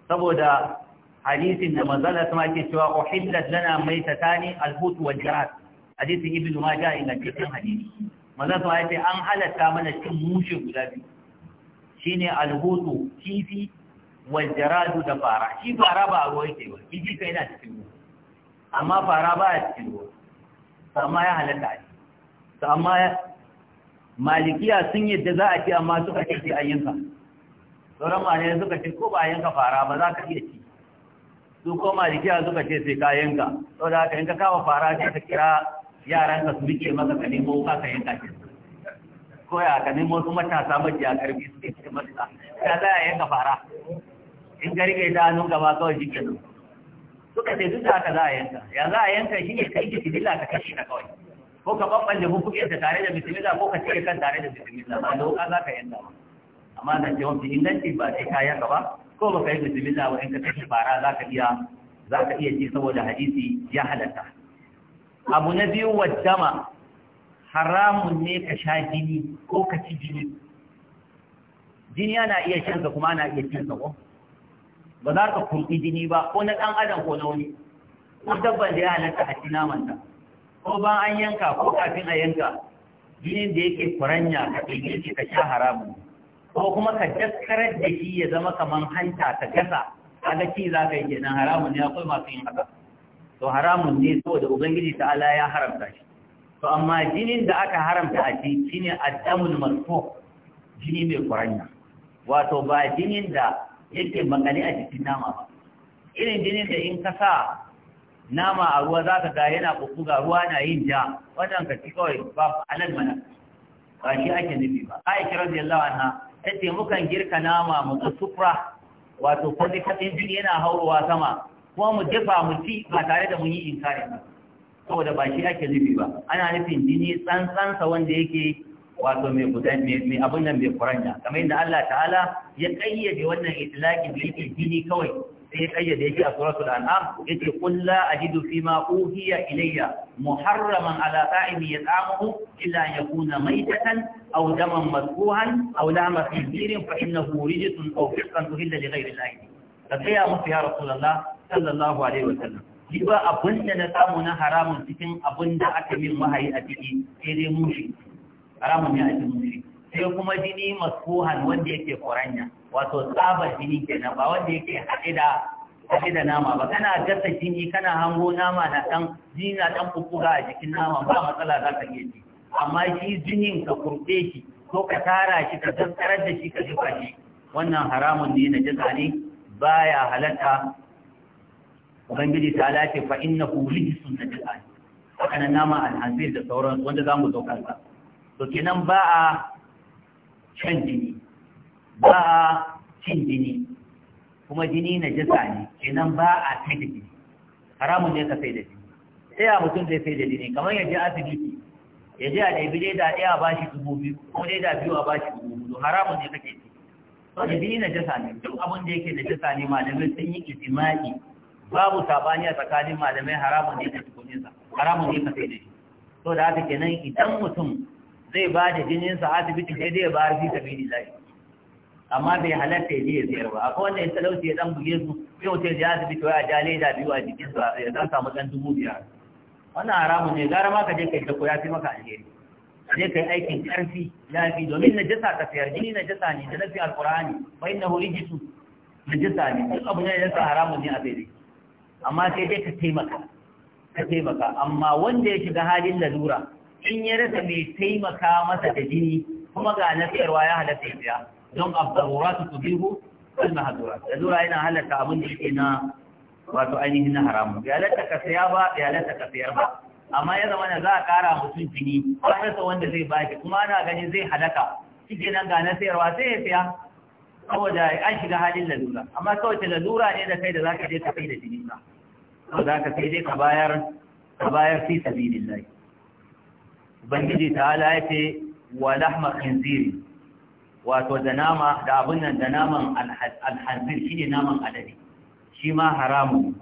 saboda hadisin da manzala sama ke cewa uhillat lana maitatani alhutu wa jihar hadisin ja a ingantaccen hadisi manzala sama yace an halatta mana cin mushi guda biyu ne alhutu kifi wa jaradu da fara shi fara ba a ruwa yake ba kifi kai yana cikin ruwa amma fara ba a cikin ruwa amma ya halatta ne amma malikiya sun yadda za a ci amma suka ce sai yanka sauran malai suka ce ko ba a yanka fara ba za ka iya ci su ko malikiya suka ce sai ka yanka sau da haka yanka ka kawo fara ce ka kira yaran ka su rike maka ka nemo ka ka yanka ce ko ya ka nemo su matasa a karfi suke ce masa ya za a yanka fara in ka rike ta hannun gaba kawai shi nan. suka ce duk da haka za a yanka ya za a yanka shi ne ka yi kitibila ka kashe na kawai ko ka babban da hukumin ta tare da bisimila ko ka cire kan tare da bisimila ba da wuka za ka yanka ba amma na ce wani inganci ba sai ka gaba ko ka yi bismillah wa in ka tafi bara za ka iya za ka iya ci saboda hadisi ya halatta abu na biyu wa dama haramun ne ka sha jini ko ka ci jini jini yana iya shan ka kuma ana iya ka ko ba za ka kurɓi jini ba ko na ɗan adam ko na wani ko dabban da ya halatta a ci ta. ko ba an yanka ko kafin a yanka jinin da yake kuranya ka ɗaiɗe ka sha haramun ne ko kuma ka daskarar da shi ya zama kamar hanta ta gasa ga ci za ka yi kenan haramun ne akwai masu yin haka to haramun ne saboda ubangiji ta ala ya haramta shi to amma jinin da aka haramta a ci shine addamul marfu jini mai kuranya wato ba jinin da yake magani a jikin nama ba irin jinin da in ka sa nama a ruwa za ka ga yana kukuga ruwa na yin ja wannan ka ci kawai ba nan mana ba shi ake nufi ba aisha radiyallahu anha ta ce girka nama mu sufra wato kwalli katsin jini yana haurowa sama kuma mu dafa mu ci ba tare da mun yi inkari ba saboda ba shi ake nufi ba ana nufin jini tsantsansa wanda yake wato mai gudan mai abin nan mai kuranya kamar yadda Allah ta'ala ya kayyade wannan itilakin da yake jini kawai sai kayyade yake a suratul an'am yace qul la ajidu fima uhiya ilayya muharraman ala ta'imi yat'amuhu illa an yakuna maytatan aw daman masfuhan aw lahma khinzirin fa sun rijsun aw fisqan hilla li ghayri Allah ka tsaya musu ya rasulullah sallallahu alaihi wasallam ni ba abin da na samu na haramun cikin abin da aka min wahayi a ciki sai dai mushi haramun ne a mushi sai kuma jini masfuhan wanda yake koranya wato tsabar jini kenan ba wanda yake haɗe da haɗe da nama ba kana gasa jini kana hango nama na ɗan jini na ɗan kukuga a jikin nama ba matsala za ka iya ci amma shi jinin ka kurɓe shi ko ka tara shi ka tattarar da shi ka zuba shi wannan haramun ne na jaza ne baya halatta ubangiji ta lafi fa hu rijsun sunna jaza ne haka nan nama alhazir da sauran wanda za mu zo ba to kenan ba a shan jini ba a cin jini kuma jini na jisa ne kenan ba a sai da jini haramun ne ka sai da jini sai a mutum zai sai da jini kamar ya je asibiti ya ji a ɗabi dai da ɗaya ba shi dubu biyu ko dai da biyu a ba shi dubu biyu haramun ne kake ci to da jini na jisa ne duk abin da yake da jisa ne malamai sun yi ijimai babu sabani a tsakanin malamai haramun ne ka ci sa haramun ne ka sai da jini to da haka kenan idan mutum zai ba da jininsa asibiti sai dai ya ba har fi sabili lafiya amma bai halatta ya je ya sayar ba akwai wanda ya talauci ya dan buge su yau wuce ya to ya ja leda biyu a jikin su ya dan samu dan dubu biyar wannan haramun ne gara ma ka je kai dako ya fi maka alheri ka je kai aikin karfi lafi domin najasa ka fiyar jini najasa ne da nafi alqur'ani fa innahu rijisu najasa ne duk abu ne da yasa haramun ne a bai amma sai dai ka taimaka ka taimaka amma wanda ya shiga halin lalura in ya rasa mai taimaka masa da jini kuma ga nasarwa ya halatta ya don abdaruratu tubihu al-mahdurat lalura yana halatta abin da yake na wato ainihin na haramu ya halatta ka saya ba ya halatta ka sayar ba amma ya zama na za a kara mutum jini ba rasa wanda zai baki kuma ana ganin zai halaka shi nan ga na sayarwa sai ya saya saboda an shiga halin lalura amma kawai ta lalura ne da kai da za ka je ka kai da jini ba ko za ka kai dai ka bayar ka bayar fi sabilillah ubangiji ta ala ya ce wa lahma khinziri wato da nama da abin nan da naman alhazir shi ne naman alade shi ma haramun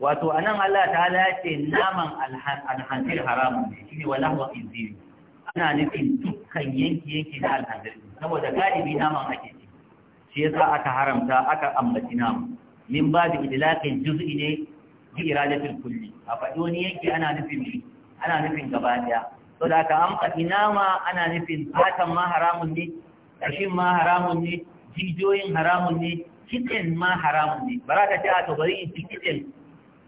wato a nan Allah ta ya ce naman alhazir haramun ne shi ne wa lahwa izini ana nufin dukkan yanki-yanki na alhazir saboda galibi naman ake ci shi yasa aka haramta aka ambaci naman min babu idlaqin juz'i ne bi iradatul kulli a faɗi wani yanki ana nufin shi ana nufin gaba daya to da aka ambaci nama ana nufin fatan ma haramun ne kashin ma haramun ne jijiyoyin haramun ne kitsen ma haramun ne ba za ka ce a to bari in ci kitsen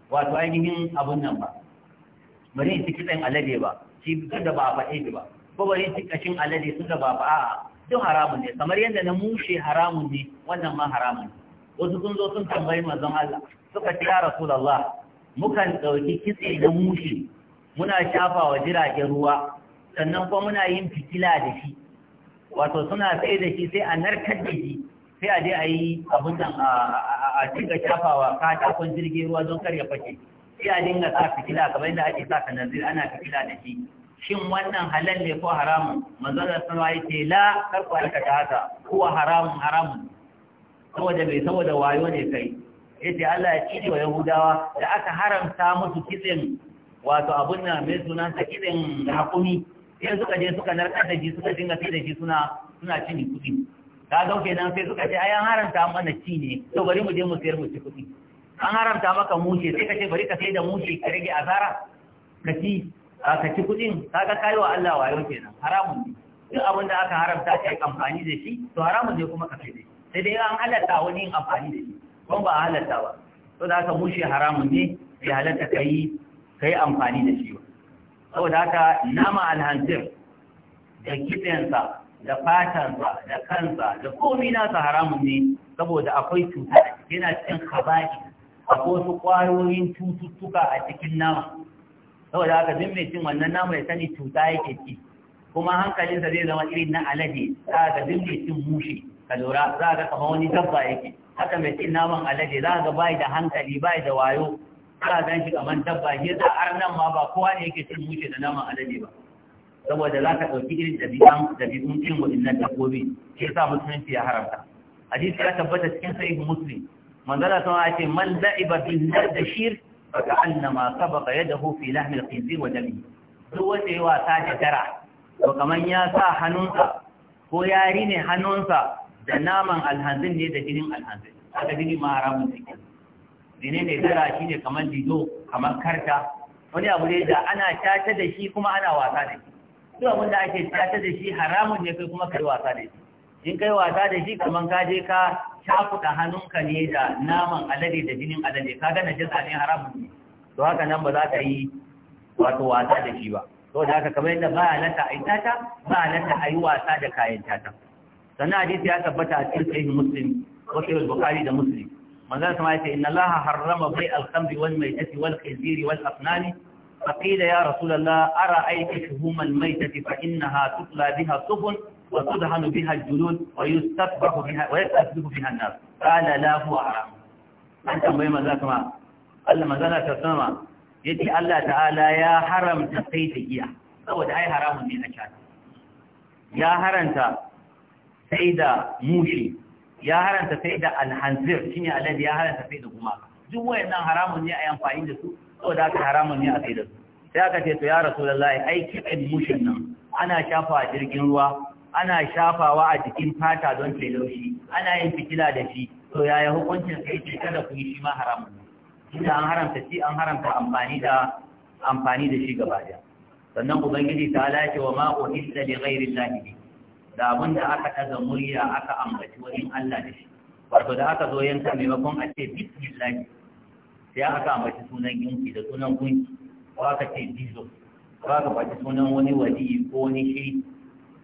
wato ainihin abun nan ba bari in ci kitsen alade ba shi tun da ba a faɗe ba ko bari in ci kashin alade su da ba a duk haramun ne kamar yadda na mushe haramun ne wannan ma haramun ne wasu sun zo sun tambayi manzon Allah suka ce su Allah, mukan ɗauki kitse na mushe muna shafa wa jiragen ruwa sannan kuma muna yin fitila da shi wato suna sai da shi sai a narkar da shi sai a je a yi abin nan a cika shafawa katakon jirgin ruwa don kar ya fashe sai a dinga sa fitila kamar yadda ake sa kanazir ana fitila da shi shin wannan halal ne ko haramun manzalar sanwa ya ce la karku ta haka kuwa haramun haramun saboda bai saboda wayo ne kai ya ce Allah ya cire wa yahudawa da aka haramta musu kitsin wato abin nan mai sunansa kitsin hakumi sai suka je suka narka da ji suka dinga sai da ji suna suna cin kuɗi ka ga nan sai suka ce ayan an haramta mana ci ne to bari mu je mu sayar mu ci kuɗi an haramta maka mushe sai ka ce bari ka sai da mushe ka rage asara ka ci ka ci kuɗin ka ga kai wa Allah wayo kenan haramun ne duk abin da aka haramta ka yi amfani da shi to haramun ne kuma ka sai da sai dai an halatta wani yin amfani da shi kuma ba a halatta ba to da haka mushe haramun ne ya halatta ka yi amfani da shi ba saboda haka nama alhantir da kitsensa da fatansa da kansa da komi nasa haramun ne saboda akwai cuta yana cikin haba'i akwai wasu ƙwayoyin cututtuka a cikin nama saboda haka zin mai cin wannan nama ya sani cuta yake ci kuma hankalinsa zai zama irin na alade za ga zin mai cin mushi ka lura za ga kamar wani dabba yake haka mai cin naman alade za ga bai da hankali bai da wayo ana gan shi kamar dabba shi yasa har nan ma ba kowa ne yake cin mushe da naman alade ba saboda za ka ɗauki irin ɗabi'an ɗabi'un cin waɗannan dabbobi shi sa musulunci ya haramta hadisi ya tabbata cikin sahih muslim manzala sama ya ce man da'iba bin da shir fa ka annama sabaqa yadahu fi lahmil khinzir wa dami duk wanda ya wasa da dara to kaman ya sa hannunsa ko ya rine hannunsa da naman alhanzin ne da jinin alhanzin haka jini ma haramun cikin dine ne shi shine kamar dido kamar karta wani abu ne da ana tace da shi kuma ana wasa da shi duk abin da ake tace da shi haramun ne kai kuma kai wasa da shi in kai wasa da shi kamar ka je ka cakuɗa hannunka ne da naman alade da jinin alade ka gana jin zane haramun ne to haka nan ba za ka yi wato wasa da shi ba to da haka kamar yadda ba halatta a yi tata ba halatta a yi wasa da kayan tata sannan hadisi ya tabbata a cikin sahihin muslim ko sahihul bukhari da muslim manzan sama ya ce inna Allah harrama bai alkhamri wal maitati wal khinziri wal afnani faqila ya rasulullah ara aiti shuhuman maitati fa innaha tutla biha sufun wa tudhanu biha julun wa yustabahu biha wa yastabahu biha an-nas qala la huwa haram an tambaye manzan sama Allah manzan sama yace Allah ta'ala ya haramta sai da giya saboda ai haramun ne na ya haranta sai da mushi ya haranta sai da alhanzir shi ne alladhi ya haranta sai da gumaka duk wayannan haramun ne a yi amfani da su da aka haramun ne a sai da su sai aka ce to ya rasu da lai aiki a mushin nan ana shafa a jirgin ruwa ana shafawa a jikin fata don ta laushi ana yin fitila da shi to yi hukuncin sai ce kada ku yi shi ma haramun inda an haramta shi an haramta amfani da amfani da shi gaba daya sannan ubangiji ta ala wa ma da li ghairi da abin da aka ɗaga murya aka ambaci wani Allah da shi wato da aka zo yanka maimakon a ce bismillah sai aka ambaci sunan yunki da sunan gunki ko aka ce bizo ko aka faɗi sunan wani wali ko wani shi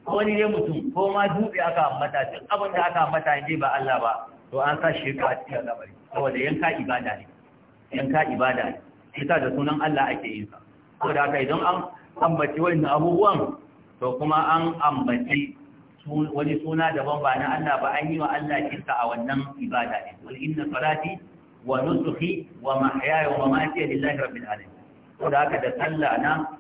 ko wani dai mutum ko ma dutse aka ambata shi abin da aka ambata in ba Allah ba to an sa shi a cikin labari saboda yanka ibada ne yanka ibada ne ita da sunan Allah ake yin sa saboda haka idan an ambaci wannan abubuwan to kuma an ambaci wani suna daban ba na Allah ba an yi wa Allah shirka a wannan ibada ne Wani inna salati wa nusuki wa mahyaya wa mamati lillahi rabbil alamin to da haka da sallah na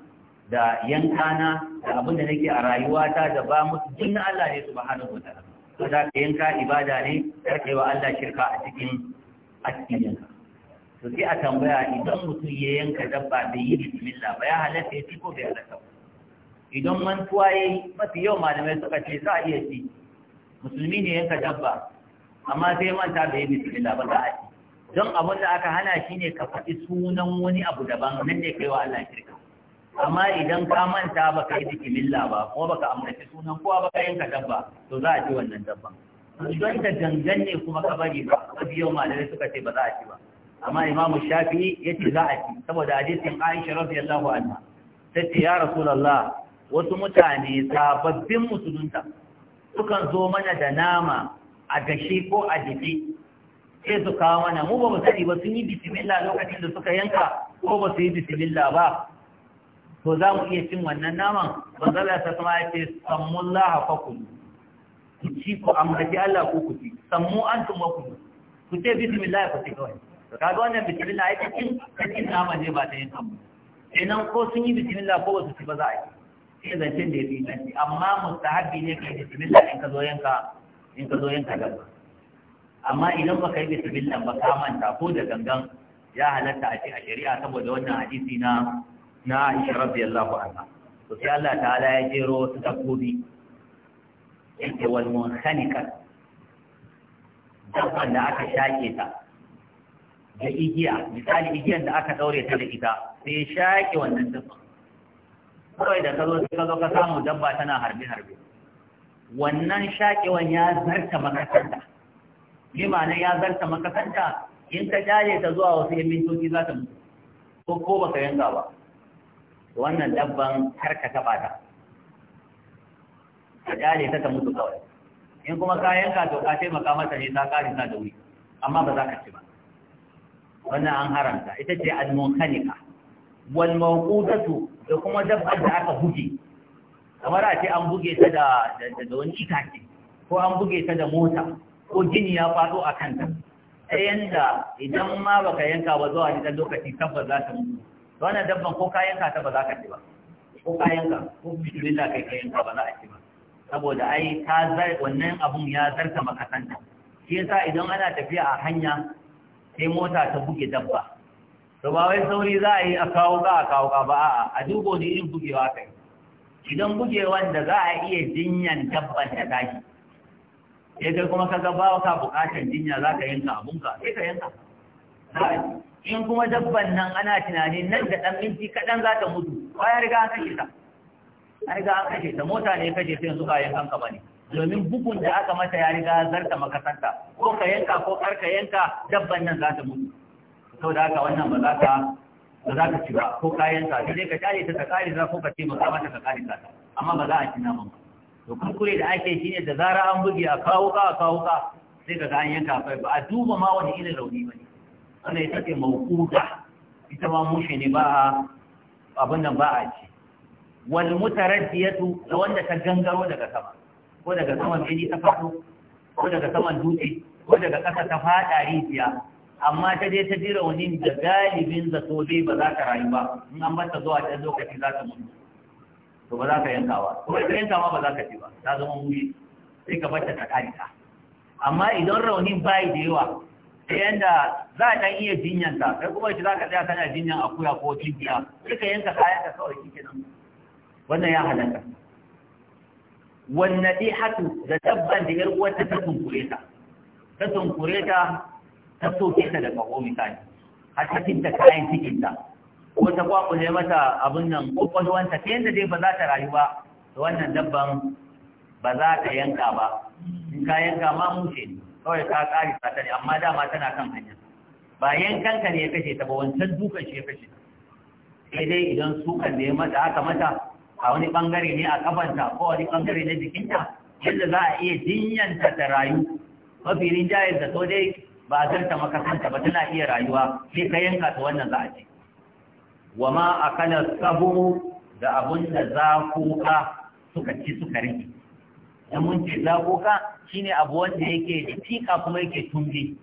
da yanka na da abin da nake a rayuwata da ba musu jin Allah ne subhanahu wa ta'ala to da yanka ibada ne yi wa Allah shirka a cikin a cikin yanka to sai a tambaya idan mutum ya yanka dabba bai yi bismillah ba ya halatta ya ci ko bai halatta ba idan mantuwa tuwaye yi mafi yau malamai suka ce za a iya ci musulmi ne yanka dabba amma sai manta bai yi bismillah ba za a ci don abin da aka hana shi ne ka faɗi sunan wani abu daban nan ne kai wa Allah shirka amma idan ka manta ba ka yi bismillah ba ko ba ka amince sunan kowa ba ka yanka dabba to za a ci wannan dabban don ta gangan ne kuma ka bari ba mafi yau malamai suka ce ba za a ci ba amma imamu shafi ya ce za a ci saboda hadisin aisha radiyallahu anha tace ya rasulullah wasu mutane sababbin musulunta sukan zo mana da nama a gashi ko a jiki sai su kawo mana mu ba mu sani ba sun yi bisimillah lokacin da suka yanka ko ba su yi bisimillah ba to za mu iya cin wannan naman banzala ta kuma ya ce sammullaha fakulu ku ci ku ambaci Allah ku ku ci sammu an ba ku ku ce bismillah ku ci kawai kaga wannan bismillah ya ce cin cin ne ba ta yin abu kenan ko sun yi bismillah ko ba su ci ba za a yi sai zancen da ya fi zanci amma mustahabi ne kai bismillah in ka zo yanka in ka zo yanka dabba amma idan baka yi bismillah ba ka manta ko da gangan ya halatta a ce a shari'a saboda wannan hadisi na na Aisha radiyallahu anha to sai Allah ta'ala ya jero su dabbobi yake wal munhanika dabban da aka shaƙe ta da igiya misali igiyan da aka daure ta da ita sai shaƙe wannan dabban kawai da ka zo sai ka zo ka samu dabba tana harbe harbe wannan shaƙewan ya zarta makasanta bi ma'ana ya zarta makasanta in ka jale ta zuwa wasu yan mintoci za ta mutu ko ko baka yanka ba wannan dabban har ka taɓa ta ka jale ta ta mutu kawai in kuma ka yanka to ka taimaka mata ne ta na da wuri amma ba za ka ci ba wannan an haramta ita ce almokanika. wal mawqudatu da kuma dabbar da aka buge kamar a ce an buge ta da da wani itace ko an buge ta da mota ko jini ya faɗo a kanta ɗayan da idan ma baka yanka ba zuwa ɗan lokaci tabbas za ta mutu to wannan dabban ko ka ta ba za ka ci ba ko ka ko bismillah kai ka yanka ba za a ci ba saboda ai ta zai wannan abun ya zarta makasanta shi yasa idan ana tafiya a hanya sai mota ta buge dabba to ba wai sauri za a yi a kawo ka a kawo ka ba a'a a dubo ne yin bugewa kai idan bugewan da za a iya jinyan dabban da tashi sai kai kuma ka ga ba ka bukatar jinya za ka yanka ka sai ka yanka in kuma dabban nan ana tunani nan da ɗan minti kaɗan za ta mutu ba ya riga an kashe ta an riga an kashe ta mota ne kashe sai yanzu ka kanka ba ne domin bugun da aka mata ya riga zarta makasanta ko ka yanka ko kar ka yanka dabban nan za ta mutu da haka wannan ba za ka ba za ka ci ba ko kayan sa sai ka tare ta ta kare za ko ka ce ba mata ka kare ta amma ba za a ci naman ba to kuskure da ake shine da zara an buge a kawo ka a kawo ka sai ka ga an yanka kai ba a duba ma wani irin rauni ba ne wannan ita ce mawquta ita ma mushe ne ba a abin nan ba a ci wal mutaraddiyatu da wanda ta gangaro daga sama ko daga saman jini ta fado ko daga saman dutse ko daga ƙasa ta faɗa rijiya amma ta je ta jira wani da galibin so dai ba za ta rayu ba in an bata zuwa ɗan lokaci za ta mutu to ba za ka yanka ba kuma ita yanka ba za ka ci ba ta zama mushi sai ka bata ta karita amma idan raunin bayi da yawa ta yanda za a ɗan iya jinyanta kai kuma shi za ka tsaya kana jinyan akuya ko cibiya sai ka yanka kayan ka kawai shi kenan wannan ya halaka wannan haka da tabban da yar uwarta ta tunkure ta ta tunkure ta ta soke ta da kaho misali har ta cinta kayan cikinta ko ta kwakule mata abin nan Ko kwalwanta ta yadda dai ba za ta rayu ba da wannan dabban ba za ta yanka ba in ka yanka ma mushe ne kawai ka tsari ta ne amma dama tana kan hanya ba ka ne ya kashe ta ba wancan dukan shi ya kashe ta sai dai idan sukan da ya mata haka mata a wani bangare ne a kafanta ko wani bangare na jikinta yadda za a iya jinyanta ta rayu mafi rinjayar da so dai ba a zarta makasanta ba tana iya rayuwa sai ka yanka ta wannan za a ce wa ma akala sabu da abun da zakuka suka ci suka rike Da mun ce shi shine abu wanda yake da tika kuma yake tumbi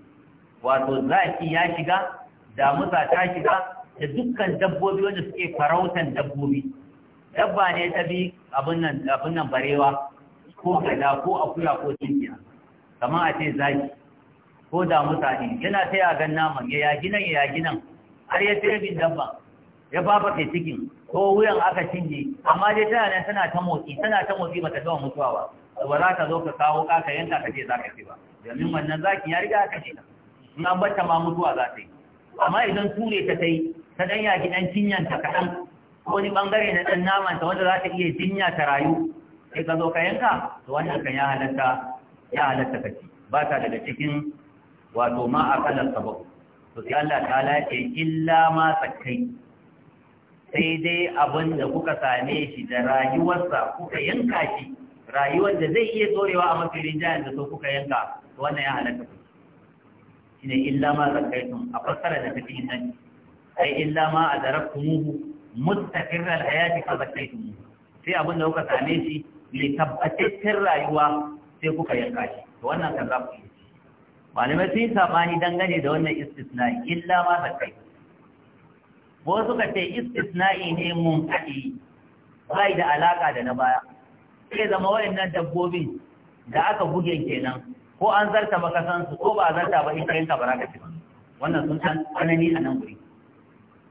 wato zaki ya shiga musa ta shiga da dukkan dabbobi wanda suke farautan dabbobi dabba ne ta bi abin nan barewa ko gada ko akuya ko tinkiya kamar a ce zaki ko da mutane yana ta yagan naman ya yagi nan ya yagi nan har ya tsaye bin dabba ya ba kai cikin ko wuyan aka cinye amma dai tana nan tana ta motsi tana ta motsi bata gama mutuwa ba ba za ka zo ka kawo ka ka yanka ka ce za ka ce ba domin wannan zakin ya riga aka ce in an bata ma mutuwa za ta yi amma idan ture ta ta yi ta dan yaki dan cinyanta kaɗan wani bangare na dan ta wanda za ta iya jinya ta rayu sai ka zo ka yanka to wannan kan ya halatta ya halatta kaci ba ta daga cikin wato ma a kalar sabab to sai Allah ta lace illa ma sakai sai dai abin da kuka same shi da rayuwarsa kuka yanka shi rayuwar da zai iya tsorewa a mafi rinjayen da so kuka yanka to wannan ya halatta ku shi ne illa ma sakai sun a fassara da tafi nan Sai illa ma a zarar kumuhu mustaqirr al-hayati fa sakai sun sai abin da kuka same shi mai tabbataccen rayuwa sai kuka yanka shi to wannan kan za ku yi malamai sun yi sabani dangane da wannan istisna'i illa ma ta kai ko suka ce istisna'i ne mun kaɗi bai da alaka da na baya sai zama waɗannan dabbobin da aka buge kenan ko an zarta maka san su ko ba a zarta ba in kai ka bara ka ci wannan sun san anani a nan guri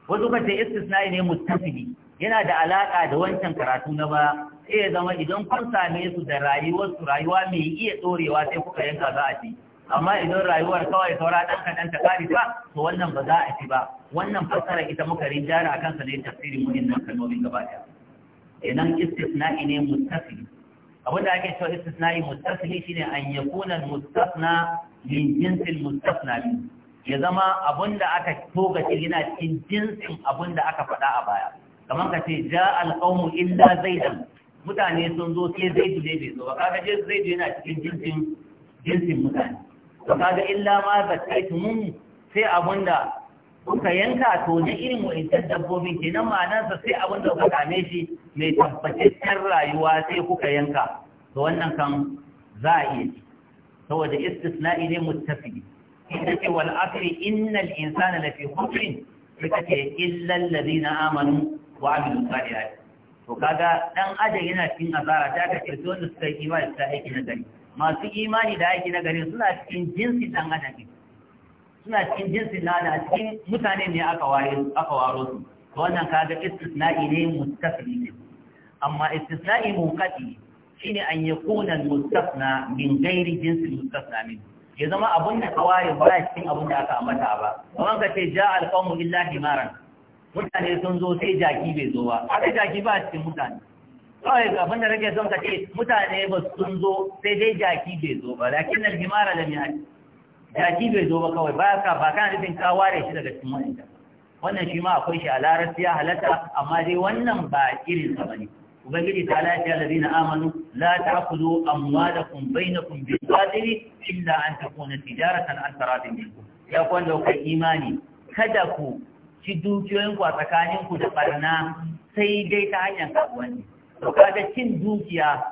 wasu suka ce istisna'i ne mustafidi yana da alaka da wancan karatu na baya sai zama idan kun same su da rayuwar su rayuwa mai iya ɗorewa sai kuka yanka za a ci amma idan rayuwar kawai saura ɗan kaɗan ta ƙari ba to wannan ba za a ci ba wannan fassara ita muka rinjara a kansa ne tafsirin muhimman kalmomin gaba ɗaya idan istisna'i ne mustafili abin da ake cewa istisna'i mustafili shine an kuna mustafna min jinsin mustafna min ya zama abin da aka toga shi yana cikin jinsin abin da aka faɗa a baya kamar ka ce ja alƙawmu illa zaidan mutane sun zo sai zaidu ne bai zo ba kaga zaidu yana cikin jinsin jinsin mutane to kaga illa ma zakaitum sai abunda kuka yanka to ne irin wa'incan dabbobin kenan ma'anarsa sai abunda kuka same shi mai tabbataccen rayuwa sai kuka yanka to wannan kan za a iya ci saboda istisna'i ne muttafi inda ce wal asri innal insana lafi khusrin suka ce illa alladhina amanu wa amilu salihati to kaga dan adam yana cikin azara ta ka to wanda suka yi imani ta aiki na gari masu imani da ake na gari suna cikin jinsi ɗan adam suna cikin jinsi na da cikin mutane ne aka waro su to wannan kaga istisna'i ne mustafili ne amma istisna'i shi shine an yakuna mustafna min gairi jinsi mustafna min ya zama abun da kawai ba cikin abun da aka amata ba kamar ka ce ja al qawmu illa himaran mutane sun zo sai jaki bai zo ba aka jaki ba cikin mutane kawai abin da nake son ka ce mutane ba sun zo sai dai jaki bai zo ba lakin nan himara da miyani jaki bai zo ba kawai ba ka ba kana nufin ka ware shi daga cikin wa'inda wannan shi ma akwai shi a larabci ya halatta amma dai wannan ba irin sa bane ubangiji ta lafiya ladina amanu la ta'khudhu amwalakum kun bi tsadiri inda an tijara kan an da mai ya kwanda ku imani kada ku ci dukiyoyinku a tsakaninku da barna sai dai ta hanyar kasuwanci to kaga cin dukiya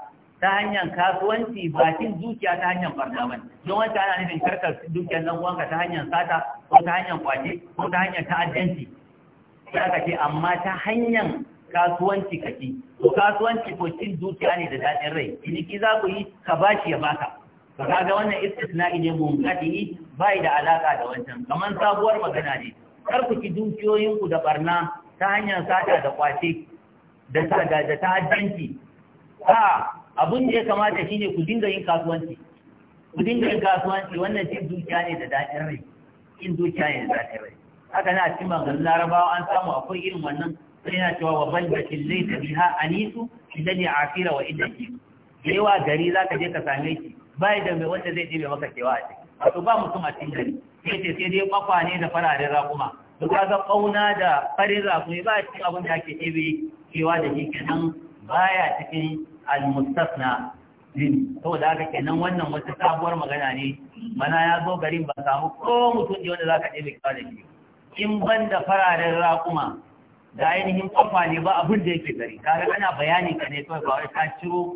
ta hanyar kasuwanci ba cin dukiya ta hanyar barna ba don wanda ana nufin karkar dukiyar nan uwanka ta hanyar sata ko ta hanyar kwace ko ta hanyar ta'addanci ya ka amma ta hanyar kasuwanci kake to kasuwanci ko cin dukiya ne da daɗin rai ki za ku yi ka bashi ya baka ka kaga wannan istisna'i ne munkadi bai da alaka da wancan kamar sabuwar magana ne kar ku ci dukiyoyinku da barna ta hanyar sata da kwace da da ta'addanci ha abin da ya kamata shine ku dinga yin kasuwanci ku dinga yin kasuwanci wannan cin dukiya ne da daɗin rai in dukiya ne da daɗin rai haka na cikin maganin larabawa an samu akwai irin wannan sai yana cewa wa balbatin laita biha anisu idan ya afira wa idan ki yawa gari za ka je ka same shi bai da mai wanda zai ɗebe maka cewa a ciki wato ba mutum a cikin gari sai ce sai dai kwakwa ne da fararen rakuma. duk ga kauna da farin rakumi ba cikin abin da ake ɗebe cewa da shi kenan baya cikin almustasna din da haka kenan wannan wata sabuwar magana ne mana ya zo garin ba samu ko mutum ne wanda za ka ɗebe kewa da shi in ban da fararen raƙuma da ainihin kwafa ne ba abin da yake gari kaga ana bayani ka ne kawai ba wai ciro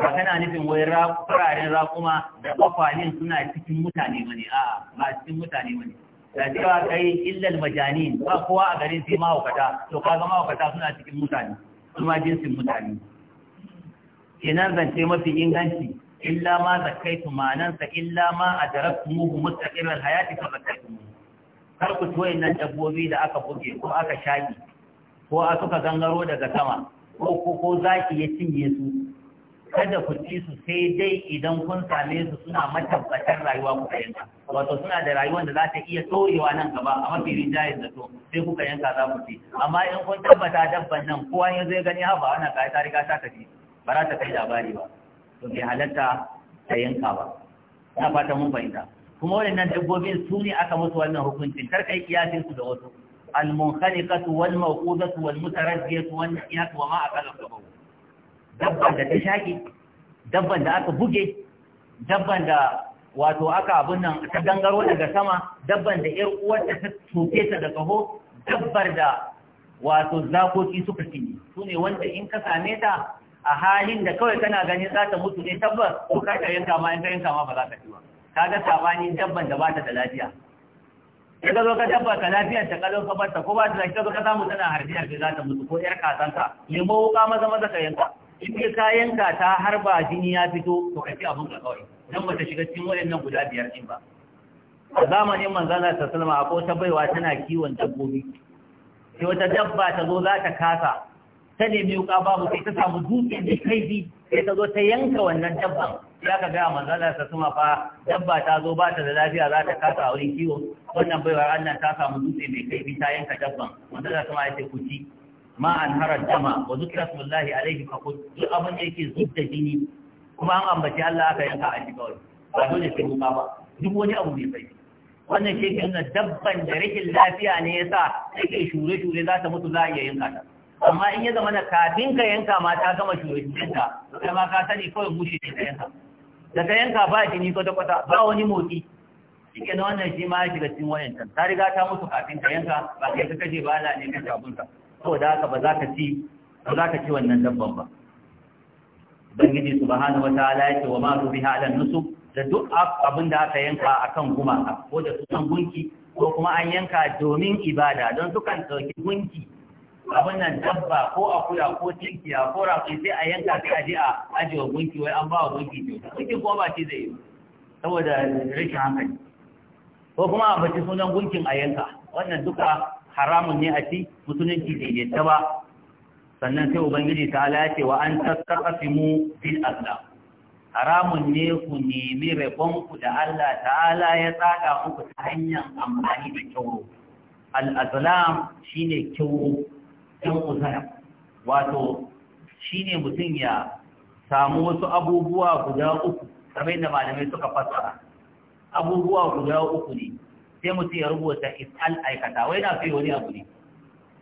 ba kana nufin wai fararen rakuma da kwafa ne suna cikin mutane bane a'a ba cikin mutane bane da cewa kai illal majanin ba kowa a garin sai mahaukata to ga mahaukata suna cikin mutane kuma jinsin mutane kenan zance mafi inganci illa ma zakaitu manansa illa ma adaraktumuhu mustaqirral hayati fa zakaitumuhu kar ku ci wayannan dabbobi da aka buge ko aka shaki ko a suka gangaro daga sama ko ko zaki ya cinye su kada ku ci su sai dai idan kun same su suna matabbatar rayuwa kuka yanka wato suna da rayuwar da za ta iya tsorewa nan gaba a mafi rinjayen zato sai kuka yanka za ku ci amma in kun tabbata dabban nan kowa ya zai gani haba wannan kai ta riga ta kaji ba za ta kai labari ba to bai halatta ta yanka ba ina fata mun fahimta kuma waɗannan dabbobin su ne aka musu wannan hukuncin kar kai kiyasin su da wasu al-munkhaliqatu wal mawqudatu wal mutaraddiyatu wan niyatu wa ma aqala dabban da ta shaƙi dabban da aka buge dabban da wato aka abun nan ta gangaro daga sama dabban da ƴar uwarta ta tuke ta da kaho dabbar da wato zakoki suka cinye su ne wanda in ka same ta a halin da kawai kana ganin za ta mutu ne tabbas ko ka ta yanka ma in ka yanka ma ba za ka ci ba kaga sabanin dabban da ba ta da lafiya ka zo ka dabba ka lafiyar ta kalon ka bar ta ko ba ta ka zo ka samu tana harbiya ke za ta mutu ko ƴar kasanta lemo wuka maza maza ka yanka in ka kayan ka ta har ba jini ya fito to ka ci abin ka kawai don ba ta shiga cikin waɗannan guda biyar ɗin ba a zamanin manzana ta salma akwai ta baiwa tana kiwon dabbobi sai wata dabba ta zo za ta kasa ta nemi wuka babu sai ta samu dutse mai kaifi sai ta zo ta yanka wannan dabban ya ka gaya manzana ta salma fa dabba ta zo ba ta da lafiya za ta kasa a wurin kiwo wannan baiwar annan ta samu dutse mai kaifi ta yanka dabban manzana ta ma ya ce ku ci ma an harar dama wa zuka rasulullahi alaihi fa kun duk abin da yake da jini kuma an ambaci Allah aka yanka a cikin wani ba dole sai mu ba duk wani abu mai sai wannan shi ke dabban da rikin lafiya ne ya sa take shure-shure za ta mutu za a iya yanka ta amma in ya zama na kafin ka yanka ma ta gama shure ta kai ma ka sani kawai mushi ne ka yanka da ka yanka ba jini kwata-kwata ba wani motsi shi ke na wannan shi ma ya shiga cikin wayancan ta riga ta mutu kafin ka yanka ba kai ka kaje ba ala ne ka shabunta saboda haka ba za ka ci ba za ka ci wannan dabban ba ubangiji subhanahu wataala yake wa ma rubiha ala nusu da duk abin da aka yanka akan gumaka ko da sunan gunki ko kuma an yanka domin ibada don kan ɗauki gunki abin nan dabba ko akuya ko tinkiya ko rafi sai a yanka sai a je a wa gunki wai an ba wa gunki kyauta gunki kuma ba shi zai yi saboda rashin hankali ko kuma a bace sunan gunkin a yanka wannan duka haramun ne a ci da daidaita ba sannan sai ubangiji ta ala ce wa an tattaqasimu bil aslam haramun ne ku nemi rabon ku da Allah ta'ala ya tsada uku ta hanyar amfani da kyauro al shi ne kyauro ɗan uzara wato ne mutum ya samu wasu abubuwa guda uku kamar da malamai suka fassara abubuwa guda uku ne sai mutum ya rubuta is'al aikata wai na fi wani abu ne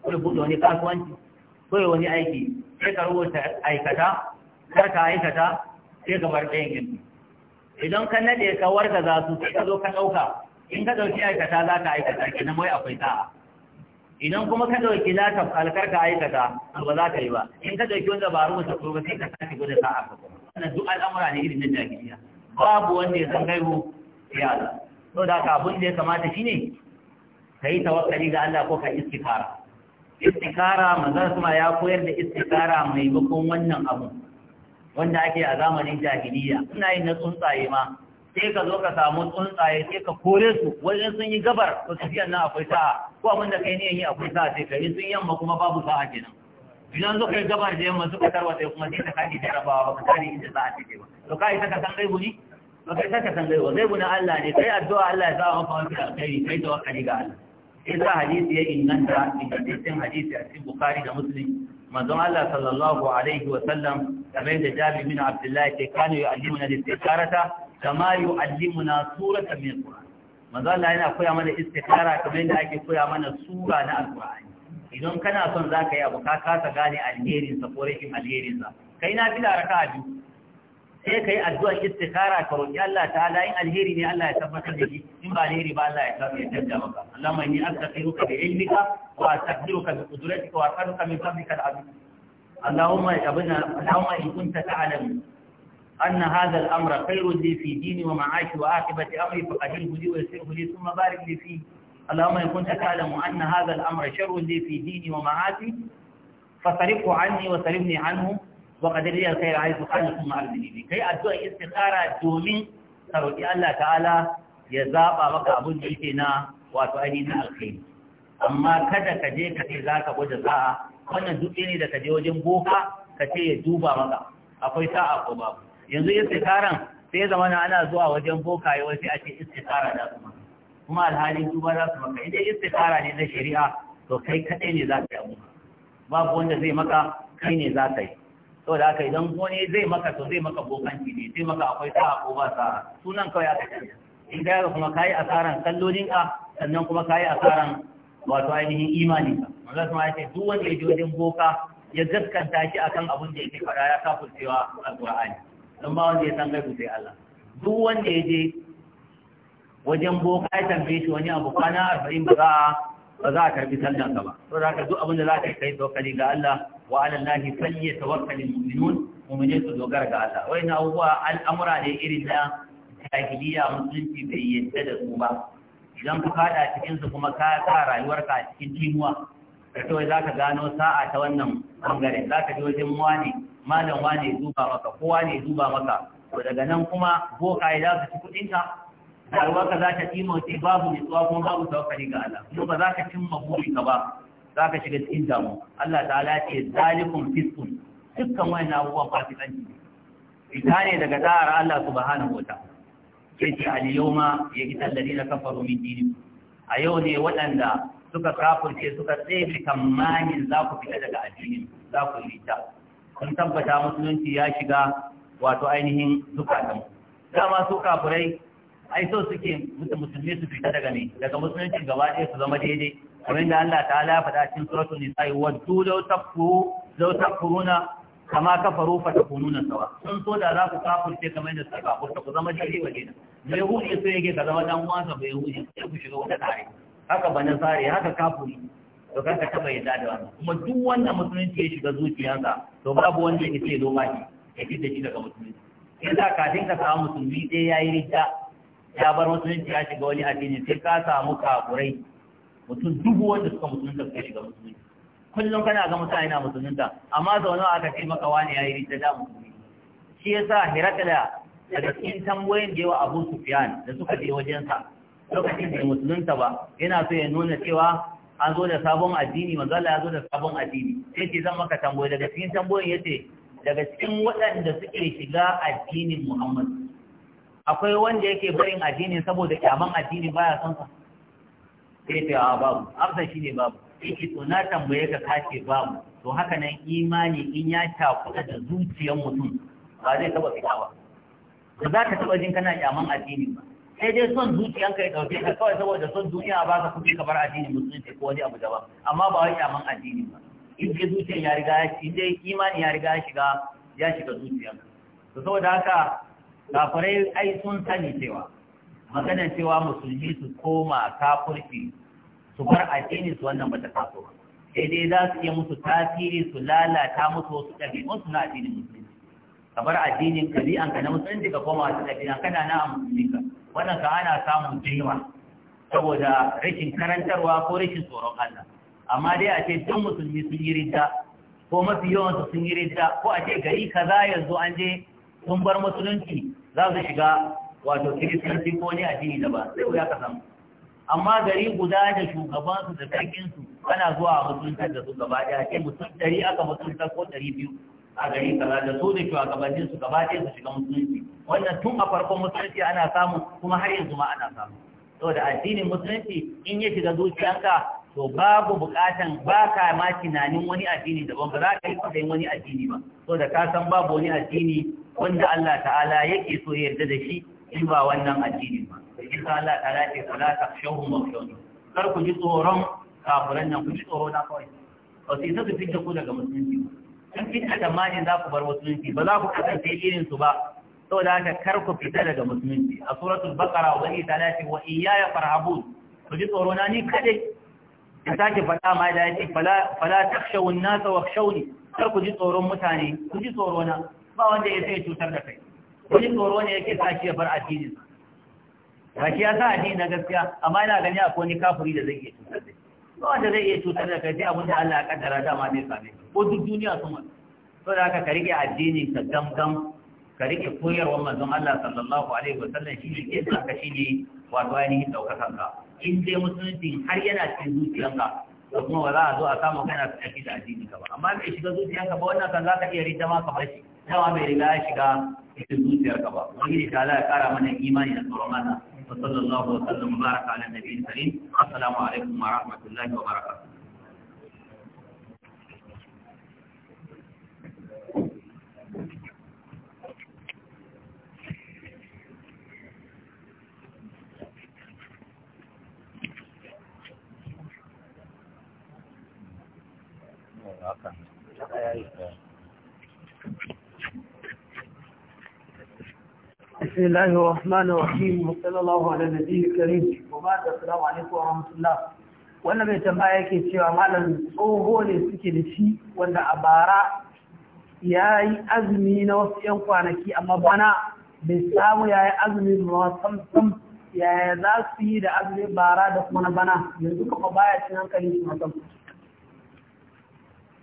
wani buɗe wani kasuwanci ko wani aiki sai ka rubuta aikata kar ka aikata sai ka bar ɗayan gindi idan ka naɗe ka warka za su sai ka zo ka ɗauka in ka ɗauki aikata za ka aikata kenan wai akwai sa'a idan kuma ka ɗauki za ka alkar ka aikata ba za ka yi ba in ka ɗauki wanda ba a rubuta ko ba sai ka sake gwada sa'a ka kuma wannan duk al'amura ne irin na jahiliya babu wanda ya san gaibu ya Allah so da ka abin da ya kamata shine ka yi tawakkali ga Allah ko ka istikara istikara manzon kuma ya koyar da istikara mai maimakon wannan abu wanda ake a zamanin jahiliya ina yin na tsuntsaye ma sai ka zo ka samu tsuntsaye sai ka kore su wajen sun yi gabar su tafiyar nan akwai sa'a ko abin da kai ne yi akwai sa'a sai ka yi sun yamma kuma babu sa'a kenan idan zo kai gabar da yamma suka tarwata kuma sai ka kaji jarabawa ba ka tare inda sa'a take ba to kai ta ka san kai ba kai ka san gaiwa zai na Allah ne kai addu'a Allah ya sa maka wani alkhairi kai tawakkali ga Allah za hadisi ya inganta ingantaccen hadisi a cikin Bukhari da Muslim manzon Allah sallallahu alaihi wa sallam kamar da Jabir bin Abdullah ke kana yu'allimuna al-istikharata kama yu'allimuna suratan min al-Qur'an manzon Allah yana koya mana istikhara kamar da ake koya mana sura na al-Qur'ani idan kana son zaka yi abu ka kasa gane alherin sa ko rashin alherin sa kai na bila raka'a biyu sai yi addu'ar istikara ka roƙi Allah ta'ala Yin alheri ne Allah ya tabbatar da shi in ba alheri ba Allah ya tabbatar da maka Allahumma inni astaghfiruka bi ilmika wa astaghfiruka bi qudratika wa astaghfiruka min fadlika al-azim Allahumma abana Allahumma in kunta ta'lamu أن هذا الأمر خير لي في ديني ومعاشي وعاقبة أمري فقدره لي ويسره لي ثم بارك لي فيه اللهم إن كنت تعلم أن هذا الأمر شر لي في ديني ومعاشي فصرفه عني وصرفني عنه wa qadariyar kai haifu kana kuma arziki kai addu'a istikhara domin ka Allah ta'ala ya zaba maka abin da yake na wato ainihin alkhairi amma kada ka je ka ce ka gwada sa'a wannan duk ne da ka je wajen boka ka ce ya duba maka akwai sa'a ko babu yanzu istikaran sai zama na ana zuwa wajen boka yi a ake istikara da su kuma alhalin duba za su maka idan istikara ne na shari'a to kai kaɗai ne za ka yi babu wanda zai maka kai ne za ka yi da haka idan wani zai maka to zai maka bokanci ne sai maka akwai sa ko ba sa sunan kawai aka canza in ga kuma kayi asaran kallolin ka sannan kuma kayi asaran wato ainihin imani ka manzo kuma yace duk wanda ya je wajen boka ya gaskanta shi akan abin da yake fara ya cewa alqur'ani dan ba wanda ya san gaibu sai Allah duk wanda ya je wajen boka ya tambaye shi wani abu kwana arba'in ba za ba za a karbi sallan ka ba to za ka duk abin da za ka kai tawakkali ga Allah wa ala Allahi falli mu'minun mu'minin su dogara ga Allah wai na abubuwa al'amura ne irin na jahiliya musulunci bai yadda da su ba idan ka fada cikin su kuma ka sa rayuwarka a cikin timuwa kawai za ka gano sa'a ta wannan bangare za ka ji wajen wani malam wani duba maka kowa ne duba maka to daga nan kuma ya za su ci kuɗinka rayuwarka za ta timote babu nutsuwa kuma babu tawakkali ga Allah kuma ba za ka cimma ka ba za ka shiga cikin damu Allah ta'ala ce zalikum fiskun dukkan wayan abubuwan fasikanci ne daga da'ar Allah subhanahu wa ta'ala sai ce al yawma ya ita na kafaru min dinikum a yau ne waɗanda suka kafurce suka tsefe kamanin za ku fita daga addinin za ku yi ta kun tabbata musulunci ya shiga wato ainihin zukatan dama su kafurai ai so suke musulmi su fita daga ne daga musulunci gaba ɗaya su zama daidai kamar da Allah ta ala faɗa cikin suratul nisa waddu law takfuru law takfuruna kama kafaru fa takununa sawa sun so da za ku kafirce kamar da suka kafirta ku zama daidai wa daidai Me huce so yake ka zama dan uwansa bai huce sai ku shiga wata tare haka bana sare haka kafuri to kanka taba yadda da wannan kuma duk wanda musulunci ya shiga zuciyarsa to babu wanda yake ce loma shi ya fita shi daga musulunci yanda kafin ka samu musulmi ɗaya yayi rida ya bar musulunci ya shiga wani addini sai ka samu kafurai mutum dubu wanda suka musulunta suka shiga musulunci kullum kana ga mutane na musulunta amma zaune aka ce maka wani ya yi rita da musulunci shi ya sa herakla daga cikin tambayoyin da yawa abu sufiyan da suka je wajensa lokacin da musulunta ba yana so ya nuna cewa an zo da sabon addini manzala ya zo da sabon addini sai ce zan maka tambayoyi daga cikin tambayoyin ya ce daga cikin waɗanda suke shiga addinin muhammadu akwai wanda yake barin addini saboda kyaman addini baya son sa sai ta yawa babu amsa shine babu yake to na tambaye ka kace babu to haka nan imani in ya takuta da zuciyar mutum ba zai taba fita ba ba za ka taba jin kana kyaman addini ba sai dai son zuciyanka ya dauke ka kawai saboda son zuciya ba ka kuɗi ka bar addini musulunci ko wani abu daban amma ba wai kyaman addini ba in dai zuciyan ya riga ya in dai imani ya riga ya shiga ya shiga zuciyanka to saboda haka kafirai ai sun sani cewa maganar cewa musulmi su koma kafirci su bar addini su wannan bata taso ba sai dai za su yi musu tasiri su lalata musu wasu ɗabi'un su na addinin musulmi ka bar addinin ɗabi'an ka na musulmi ka koma wasu ɗabi'an kana na a musulmi ka wannan ka ana samun jima saboda rashin karantarwa ko rashin tsoron Allah amma dai a ce duk musulmi sun yi ridda ko mafi yawansu sun yi ridda ko a ce gari kaza yanzu an je sun bar musulunci za su shiga wato kiristanci ko ne addini da ba sai wuya ka samu amma gari guda da shugabansu da sarkinsu ana zuwa a da su gaba ɗaya ce mutum ɗari aka musuluntar ko ɗari biyu a gari kaza da su da shugabannin su gaba ɗaya su shiga musulunci wannan tun a farkon musulunci ana samu kuma har yanzu ma ana samu saboda addinin musulunci in ya shiga zuciyanka to babu bukatan ba ka ma tunanin wani addini daban ba za ka yi kudayin wani addini ba so da ka san babu wani addini wanda Allah ta'ala yake so ya yarda da shi in ba wannan addini ba da kisa Allah ta'ala ce kula ta shahun mafiyonu kar ku ji tsoron kafiran nan ku ji tsoro na kawai ba su isa su fitta ku daga musulunci ba sun fitta tamanin za ku bar musulunci ba za ku kasance irin su ba saboda haka kar ku fita daga musulunci a suratul baqara wani ta'ala ce wa iyaya farhabun ku ji tsoro na ni kadai ya sake faɗa ma da yake fala takshawun nasa wa khshawni kar ku ji tsoron mutane ku ji tsoro na ba wanda ya sai cutar da kai ku ji tsoro ne yake sake ya bar addinin ba shi ya sa addini na gaskiya amma ina gani akwai ni kafiri da zai iya cutar da ba wanda zai iya cutar da kai sai abin da Allah ya kaddara ma ne same ko duk duniya sun to da aka ka addini ka gamgam ka rike koyarwar manzon Allah sallallahu alaihi wasallam shi ne ke sa ka shi ne wato ainihin daukar kanka in dai musulunci har yana cikin zuciyarka da kuma ba za a zo a samu kana su tafi da addini ka ba amma bai shiga zuciyarka ba wannan kan za ka iya rita ma ka bashi dama bai riga ya shiga cikin zuciyarka ba wani ta Allah ya kara mana imani da tsoron mana wa sallallahu wa sallam baraka ala nabiyyi karim assalamu alaikum wa rahmatullahi wa barakatuh akan بسم الله الرحمن الرحيم وصلى الله على النبي الكريم وبعد السلام عليكم ورحمه الله wannan mai tambaya yake cewa malam tsoho ne suke da shi wanda a bara ya yi azumi na wasu 'yan kwanaki amma bana bai samu ya yi azumi ba sam yaya za su yi da azumin bara da kuma na bana yanzu kuma baya cin hankali su na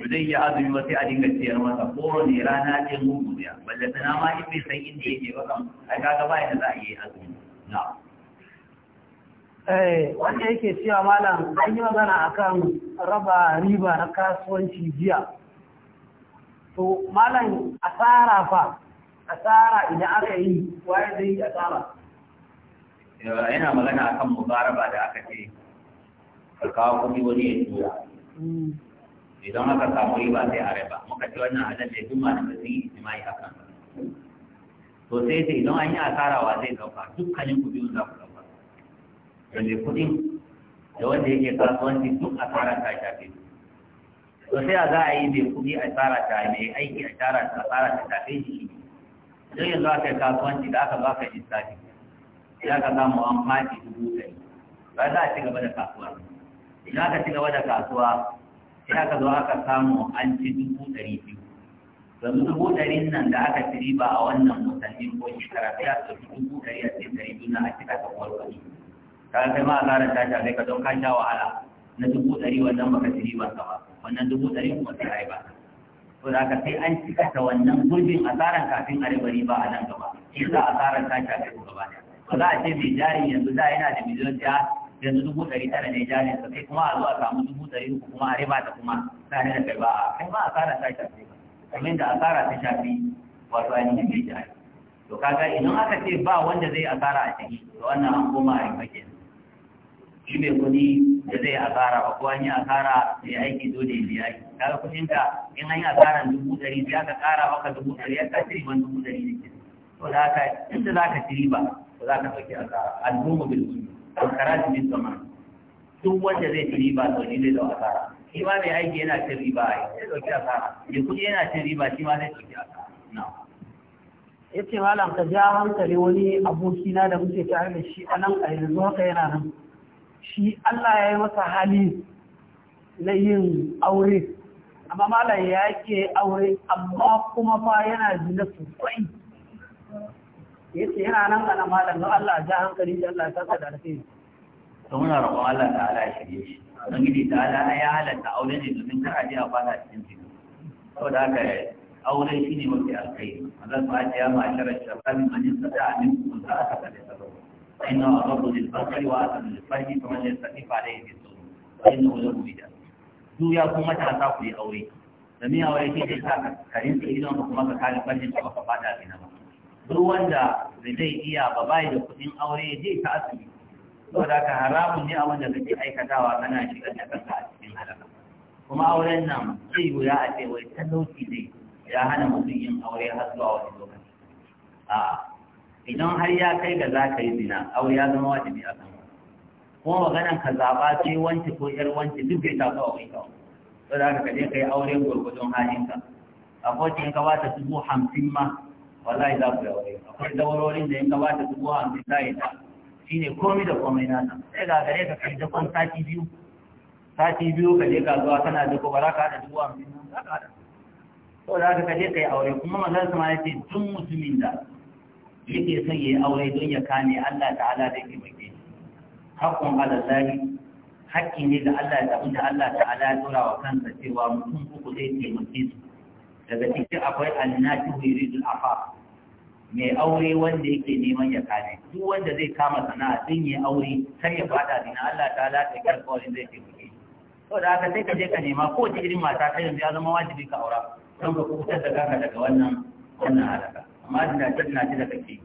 To zai iya azumi ba sai a dinga ciyar masa kowane rana ce mugu ya balle sana ma in bai san inda yake ba kan ai kaga ba yadda za a yi azumi na eh wanda yake cewa malam an yi magana akan raba riba na kasuwanci jiya to malam asara fa asara idan aka yi waye zai yi asara yana magana akan mubaraba da aka ce ka kawo kuɗi wani ya tura idan aka samu riba sai a raba muka ce wannan halal duma da malamai zai yi ma a haka to sai sai idan an yi asara wa zai dauka dukkanin ku biyu za ku dauka da mai kuɗin da wanda yake kasuwanci duk asara ta shafe su to sai a za a yi mai kuɗi a tsara ta mai aiki a tsara ta tsara ta shafe shi don yanzu aka yi kasuwanci da aka baka lissafi ya ka samu an faɗi dubu ɗari ba za a ci gaba da kasuwa idan aka ci gaba da kasuwa sai aka zo aka samu an ci dubu ɗari biyu yanzu dubu ɗarin nan da aka ci riba a wannan watanni ko shekara sai aka ci dubu ɗari a cikin ɗari biyu na a cika ta kwarkwani kaga kai ma a ƙara ta shafe ka don ka sha wahala na dubu ɗari wannan baka ci riba ka ba wannan dubu ɗari kuma sai a yi ba to da aka sai an cika ta wannan gurbin asaran kafin a riba riba a nan gaba shi za asaran ta shafe ku gaba ɗaya ba za a ce mai jari yanzu da yana da miliyan ɗaya yanzu dubu ɗari tara ne jarin sa sosai kuma a zuwa samu dubu ɗari uku kuma a riba ta kuma tare da kai ba a kai ba asara ta shafi ba kamar da asara ta shafi wato ainihin mai jari to kaga idan aka ce ba wanda zai asara a ciki to wannan an koma a riba ke shi mai kuɗi da zai asara ba ko an yi asara mai aiki dole ya biya shi kaga ka in an yi asaran dubu ɗari sai aka ƙara maka dubu ɗari ya ka riban dubu ɗari ne to da haka inda za ka ci riba to za ka ɗauki asara al'umma bil kuɗi alkaraji min zaman duk wanda zai ci riba to ni zai da asara shi ma mai aiki yana cin riba ya dauki asara mai kuɗi yana cin riba shi ma zai dauki asara ya ce malam ka ja hankali wani abokina da muke tare da shi a nan a yanzu haka yana nan shi Allah ya yi masa hali na yin aure amma malam ya ke aure amma kuma fa yana zina sosai yace yana nan ana malam don Allah ja hankali da Allah saka da alheri to muna roƙon Allah ta ala ya shirye shi don gidi ta ala ya halatta aure ne domin kar a je a fara cikin fito saboda haka aure shi ne mafi alkai Allah ta ya ma sharar shabani manin sada a min kun za a saka da sabo inna rabbu lil basari wa asal lil fahmi kuma ne sadi fa da yake so inna lahu bida du ya kuma ta sa ku yi aure da me aure shi ne ka karin sai idan kuma ka kare farjin ka ba ka fada a ba duk wanda zai iya ba bai da kuɗin aure ya je ta asibiti da ka haramu ne wanda da kake aikatawa kana shi da kanka a cikin halaka kuma auren nan zai wuya a ce wai talauci ne ya hana mutum yin aure har zuwa wani lokaci a idan har ya kai ga za ka yi zina aure ya zama wajibi a kan kuma maganan ka zaɓa ce wanci ko ƴar wanci duk bai taso a wanka ko da ka je ka yi auren gwargwadon halinka a kocin ka ba ta dubu hamsin ma wallahi za ku yaure akwai daurorin da ya ka bata dubu hamsin za yi ta shi ne komi da komai nasa sai ga gare ka kai dakon sati biyu sati biyu ka je kasuwa kana dako ba za ka haɗa dubu hamsin nan za ka haɗa to za ka kaje ka yi aure kuma su ma ya ce tun musulmin da yake son ya yi aure don ya kame Allah ta'ala da taimake shi haƙƙun alallahi hakki ne ga Allah da abin da Allah ta'ala ya tura wa kansa cewa mutum uku zai taimake su daga cikin akwai annati yuridul afa mai aure wanda yake neman ya kare duk wanda zai kama sana'a din ya aure sai ya fada din Allah ta'ala ta karkawin zai taimake to da aka sai ka je ka nema ko ta irin mata ta yanzu ya zama wajibi ka aura don ka kuka da kanka daga wannan wannan halaka amma din da tana ta da kake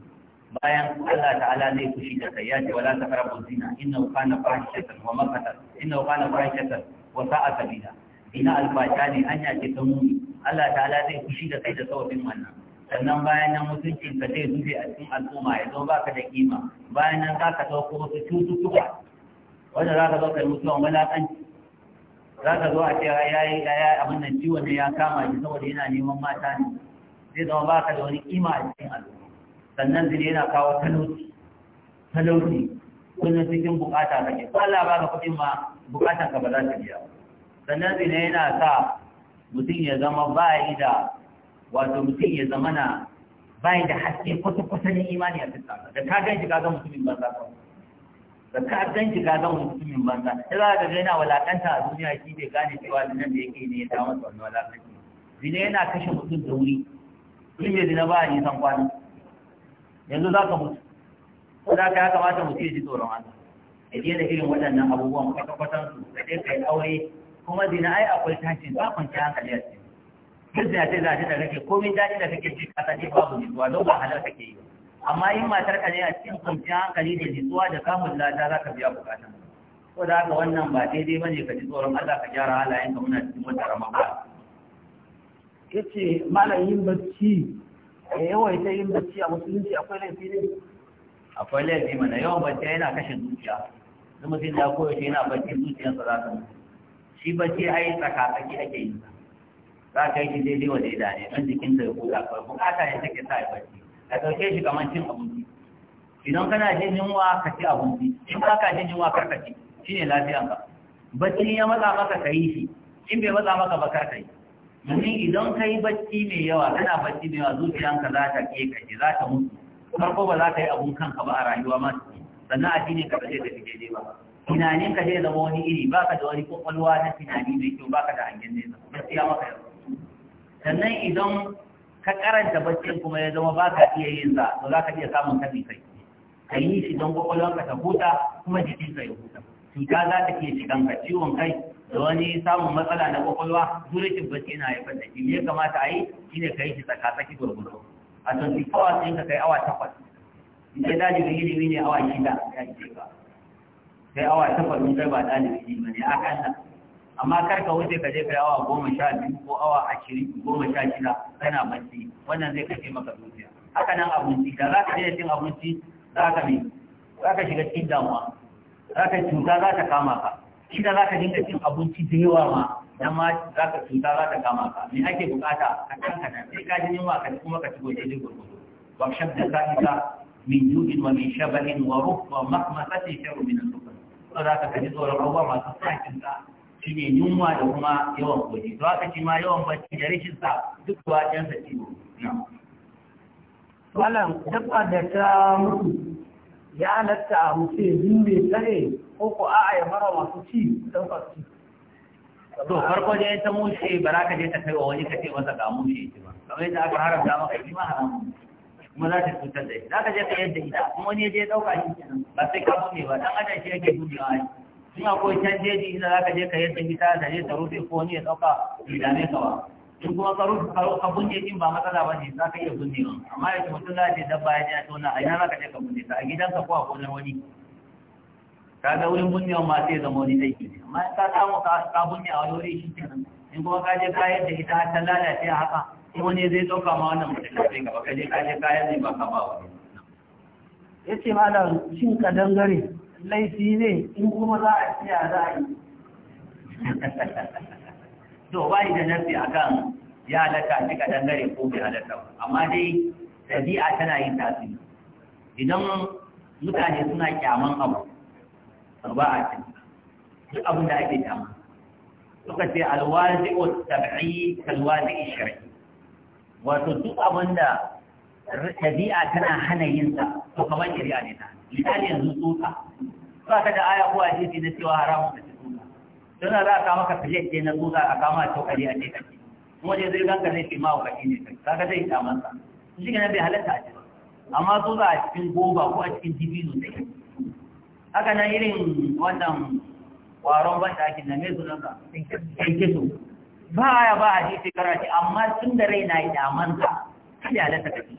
bayan Allah ta'ala zai kushi da kai ya ce wala taqrabu zina innahu kana fahishatan wa maqatan innahu kana fahishatan wa sa'a sabila dina alfata ne anya ce ta muni Allah ta'ala zai fushi da kai da sababin wannan sannan bayan nan mutuncin ka zai zube a cikin al'umma ya zo baka da kima bayan nan za ka ko wasu cututtuka wanda za ka zo kai mutuwan wulaƙanci za ka zo a ce ya yi abin nan ciwon ne ya kama shi saboda yana neman mata ne zai zama baka da wani kima a cikin al'umma sannan zai yana kawo talauci talauci kullum cikin bukata kake ko Allah ba ka kuɗin ma bukatan ka ba za ta biya sannan zai yana sa mutum ya zama bayi da wato mutum ya zama na bayi da haske kwata-kwata ne imani a fiska da ka gan shi ka ga mutumin banza kawai da ka gan shi ka ga mutumin banza ya za ka ga yana walakanta a duniya shi ne gane cewa nan da yake ne ya dawo masa walakanta zina yana kashe mutum da wuri in bai zina ba a nisan kwana yanzu za ka mutu ko za ka ya kamata mutum ya ji tsoron Allah ya da irin waɗannan abubuwan kwata-kwatansu da dai kai aure kuma zina ai akwai tashin ba kwanci hankali a cikin duk zina ce za a ce da kake komai daji da kake ci kasa ne babu nutsuwa don ba halar kake yi amma yin matar ka ne a cikin kwanci hankali da nutsuwa da samun lada za ka biya bukatan ko da haka wannan ba daidai ba ne ka ji tsoron Allah ka gyara halayen ka muna cikin wata ramaka yace malam yin bacci a yawaita yin bacci a musulunci akwai laifi ne akwai laifi mana yawan bacci yana kashe zuciya zama sai da koyaushe yana bacci zuciyarsa za ta mutu shi bacci ai tsakatsaki ake yi ba? za ka yi daidai wa daida ne don jikin da ya ba kawai bukata ne take sa ya bacci ka ɗauke shi kamar cin abinci idan kana jin yunwa ka ci abinci in ba ka jin yunwa karka ci shi ne lafiyanka bacci ya matsa maka ka yi shi in bai matsa maka ba karka yi domin idan ka yi bacci mai yawa kana bacci mai yawa zuciyanka za ta ke kaji za ta mutu farko ba za ka yi abun kanka ba a rayuwa ma sannan addinin ka ba zai tafi daidai ba tunanin ka zai zama wani iri baka da wani kwakwalwa na tunani mai kyau baka da hangen nesa gaskiya maka yau sannan idan ka karanta baccin kuma ya zama baka iya yin za to za ka iya samun kafin kai ka yi shi don kwakwalwanka ta huta kuma jikinka ya huta cuta za ta iya shigan ka ciwon kai da wani samun matsala na kwakwalwa zurikin bacci na haifar da shi ya kamata a yi shi ne ka yi shi tsakatsaki gurgudu a 24 hours ɗin ka kai awa takwas in ka daji da ilimi ne awa shida ya ce ba. kai awa takwas mun kai ba ɗalibi ne ba ne a kanna, amma kar ka wuce ka je kai awa goma sha biyu ko awa ashirin goma sha shida kana bacci wannan zai kashe maka zuciya haka nan abinci da za ka daina cin abinci za ka bi za ka shiga cikin damuwa za ka cuta za ta kama ka shida za ka dinga cin abinci da yawa ma dan ma za ka cuta za ta kama ka me ake bukata a kan ka sai ka ji yunwa ka kuma ka ci gobe da gurgudu wa shab da sa'ika min yu'in wa min shabalin wa ruhwa mahmasati sharu min al so za ka kaji tsoron abubuwa masu sakin ka shi ne yunwa da kuma yawan koji to haka shi ma yawan bacci da rashin sa duk ba ɗan sa ciwo malam dabba da ta mutu ya halatta a mutu ya mai tsare ko ko a'a ya mara masu ci don fasu to farko dai ta mushe ba za ka je ta kai wa wani ka ce masa ga mushe ba kamar yadda aka haramta maka shi ma haramun kuma za ta cutar da shi za ka je ka yadda ita kuma wani je ɗauka shi ba sai ka buɗe ba dan adam shi yake buɗewa ne in akwai canjeji ina za ka je ka yadda ita da ne ta rufe ko wani ya ɗauka bai dame ka ba in kuma ka rufe ka bunje in ba matsala ba ne za ka iya bunje ba amma yake mutum za ce dabba ya je a tona a ina za ka je ka bunje ta a gidanka ko a gonar wani ka ga wurin bunjewa ma sai zama wani aiki ne amma ka samu ka bunje a wani wuri shi kenan in kuma ka je ka yadda ita ta lalace haka wani zai ɗauka ma wannan mutum da zai kaje kaje kayan ne ba ka ba wani ya ce malam shin ka dangare laifi ne in kuma za a ce a za a yi to ba yi da a akan ya halatta shi ka dangare ko bai halatta amma dai ɗabi'a tana yin tasiri idan mutane suna kyaman abu ba a cin duk abin da ake kyama suka ce alwazi'u tabi'i kalwazi'i shari'i wato duk abin da ɗabi'a tana hana yin sa to kamar shari'a ne ta misali yanzu tsoka ba ka da aya ko a jefi na cewa haramun da tsoka don za a kama ka filet ne na tsoka a kama a cokali a ce kake kuma je zai ganka zai fi mawa kashi ne kai kaga zai ta masa shi ne bai halatta a cikin amma tsoka a cikin goba ko a cikin dibino ne haka nan irin wannan kwaron ban ɗakin na mai sunanka in ba ya ba a jefe karatu amma sun da rai na yi damansa kada ya lasa kafi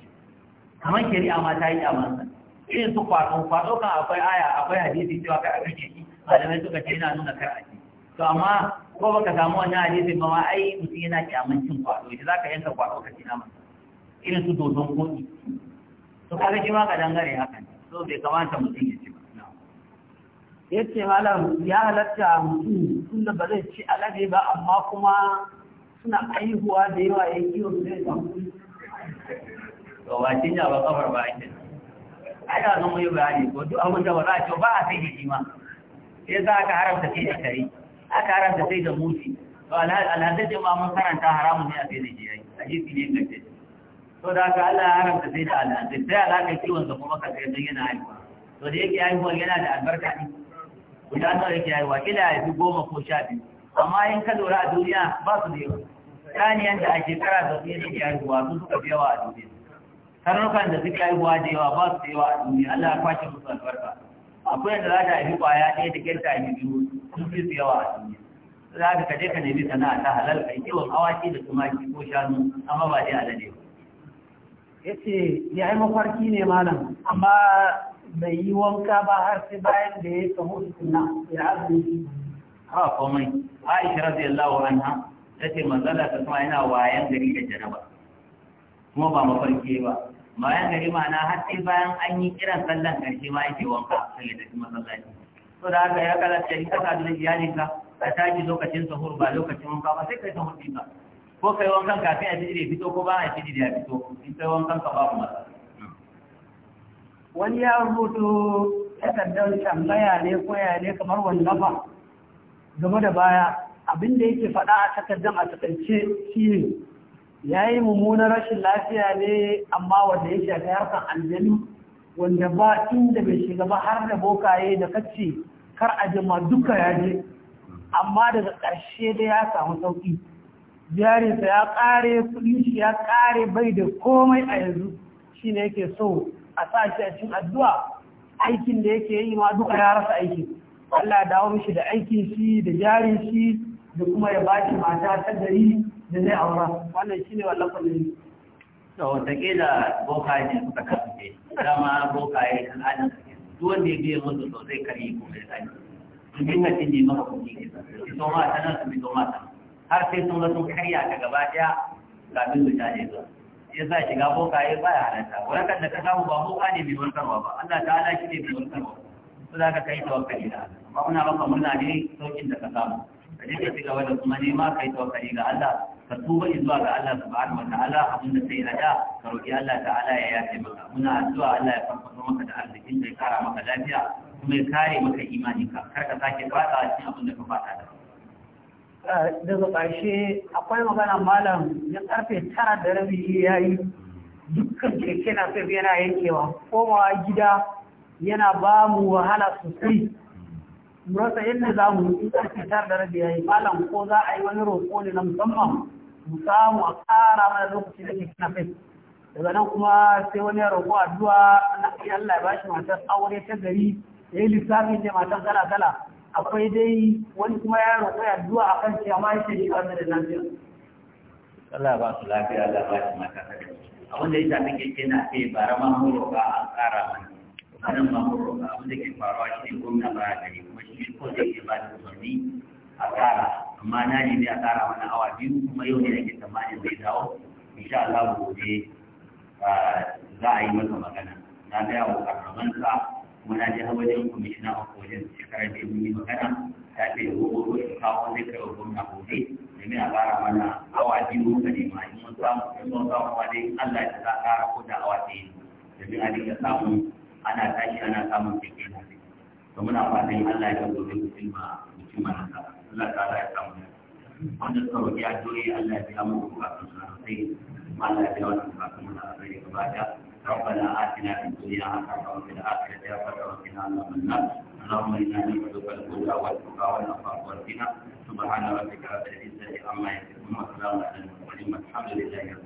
kamar shari'a ma ta yi damanta irin su kwaɗo kwaɗo kan akwai aya akwai hadisi cewa kar a kashe shi malamai suka ce yana nuna kar a ce to amma ko baka samu wannan hadisi ba ma ai mutum yana kyaman cin shi zaka yanka kwaɗo ka ci naman irin su dodon koɗi to kaga shi ma ka dangare hakan so bai kamata mutum ya ci Yace malam ya halatta mutum tunda ba zai ci alade ba amma kuma suna aihuwa da yawa ya kiwo su zai samu to ba cin ya ba kafar ba ake ai da zan yi bayani ko duk abin da ba za a ce ba a sai da shi ma sai za ka haramta sai da kare aka haramta sai da mutu to alhadajin ma mun karanta haramun ne a sai da jiyayi yayi a jisi ne gaske to da ka Allah ya haramta sai da alhadajin sai alaƙa kiwon da kuma ka sai don yana haihuwa to da yake haihuwar yana da albarka ne guda nawa yake haihuwa kila ya fi goma ko sha biyu amma in ka lura a duniya ba su da yawa saniyan da a shekara da su yake haihuwa su suka fi yawa a duniya karnukan da suke haihuwa da yawa ba su da yawa a duniya Allah ya kwashe musu albarka akwai yadda za ta haifi kwaya ɗaya da kyanta a biyu su fi su yawa a duniya za ka kaje ka nemi sana'a ta halal kai kiwon awaki da tumaki ko shanu amma ba dai alade ba yace ya yi mafarki ne malam amma Mai yi wanka ba har sai bayan da ya samu suna, ya azumi ha komai Aisha radiyallahu anha tace manzala ta kuma yana wayan gari da janaba kuma ba mafarki ba bayan gari ma na har sai bayan an yi kiran sallan karshe ma yake wanka sai ya tafi masallaci so da haka ya kalata in ka sadu da iyalinka ka tashi lokacin sahur ba lokacin wanka ba sai kai sahur ɗinka ko kai wankan kafin a fijire fito ko ba a fijire ya fito in kai wankan ka babu matsala wani ya rubuto takardar tambaya ne ko ya ne kamar wallafa game da baya abin da yake faɗa a takardar a takaice shi ne ya yi mummunar rashin lafiya ne amma wanda ya shafi harkar aljanu wanda ba inda bai shiga ba har da bokaye da kacce kar a jima duka ya je amma daga ƙarshe da ya samu sauƙi jarinsa ya ƙare kuɗi shi ya ƙare bai da komai a yanzu shi ne yake so a sa shi a cikin addu'a aikin da yake yi ma duka ya rasa aiki Allah dawo mishi da aikin shi da jari shi da kuma ya baki mata ta gari da zai aura wannan shine wallafa ne to wataƙila bokaye ne suka kasance dama bokaye kan adam duk wanda ya biya mutu to zai kare ko zai sani su dinga cinye maka kuɗi ne su to ma a nan su bi to ma har sai sun ga kariya karya ta gaba ɗaya kafin su jaje zuwa ya sa shiga boka ya baya halatta warakar da ka samu ba boka ne mai warkarwa ba Allah ta ala shi ne mai warkarwa su za ka kai tawakkali da Allah amma muna maka murna ne saukin da ka samu ka je ka shiga da kuma ma kai wakari ga Allah ka tuba zuwa ga Allah subhanahu wataala abin da sai ada ka roki Allah ta'ala ya yafe maka muna addu'a Allah ya farfado maka da arzikin da ya kara maka lafiya kuma ya kare maka imaninka kar ka sake fada cikin abin da ka fada da daga ƙarshe akwai magana malam ya karfe tara da rabi ya yi dukkan keke na sai yana yankewa komawa gida yana ba mu wahala sosai murasa yadda za mu yi karfe tara da rabi ya yi malam ko za a yi wani roƙo ne na musamman mu samu a ƙara mana lokaci da keke na sai daga nan kuma sai wani ya roƙo addu'a na Allah ya bashi matar aure ta gari ya yi lissafin da matan kala kala akwai dai wani kuma ya zuwa a kan shi amma yake da ba da lafiya Allah ba su lafiya Allah ba shi mata abin da yasa nake kina ce bara ma mu roƙa an ƙara mana wannan ma mu roƙa abin da ke faruwa shi ne gwamna ba da ni kuma shi ko da ke ba da umarni a ƙara amma na ne a ƙara mana awa biyu kuma yau ne nake tsammanin zai dawo insha Allah gobe ah, za a yi masa magana na gaya wa karramansa kuma ji je wajen kwamishina a kojin shekarar da yi magana ta ce da gobe ko kawo zai kai wa gwamna gobe domin a fara mana awa biyu ka nema in mun samu in mun samu ma dai Allah ya za ƙara ko da awa ɗaya domin a dinga samun ana tashi ana samun cikin hasi to muna fatan Allah ya gobe mutum ma mutum ma nasara Allah ta ya samu wanda suka roƙi a dole Allah ya biya mu bukatun sa sai Allah ya biya wani bukatun mu na alheri gaba ɗaya ربنا آتنا في الدنيا حسنة وفي الآخرة حسنة وقنا عذاب النار اللهم إنا نسألك الهدى والتقى والعفاف والغنى سبحان ربك رب العزة عما يصفون وسلام على المرسلين والحمد لله رب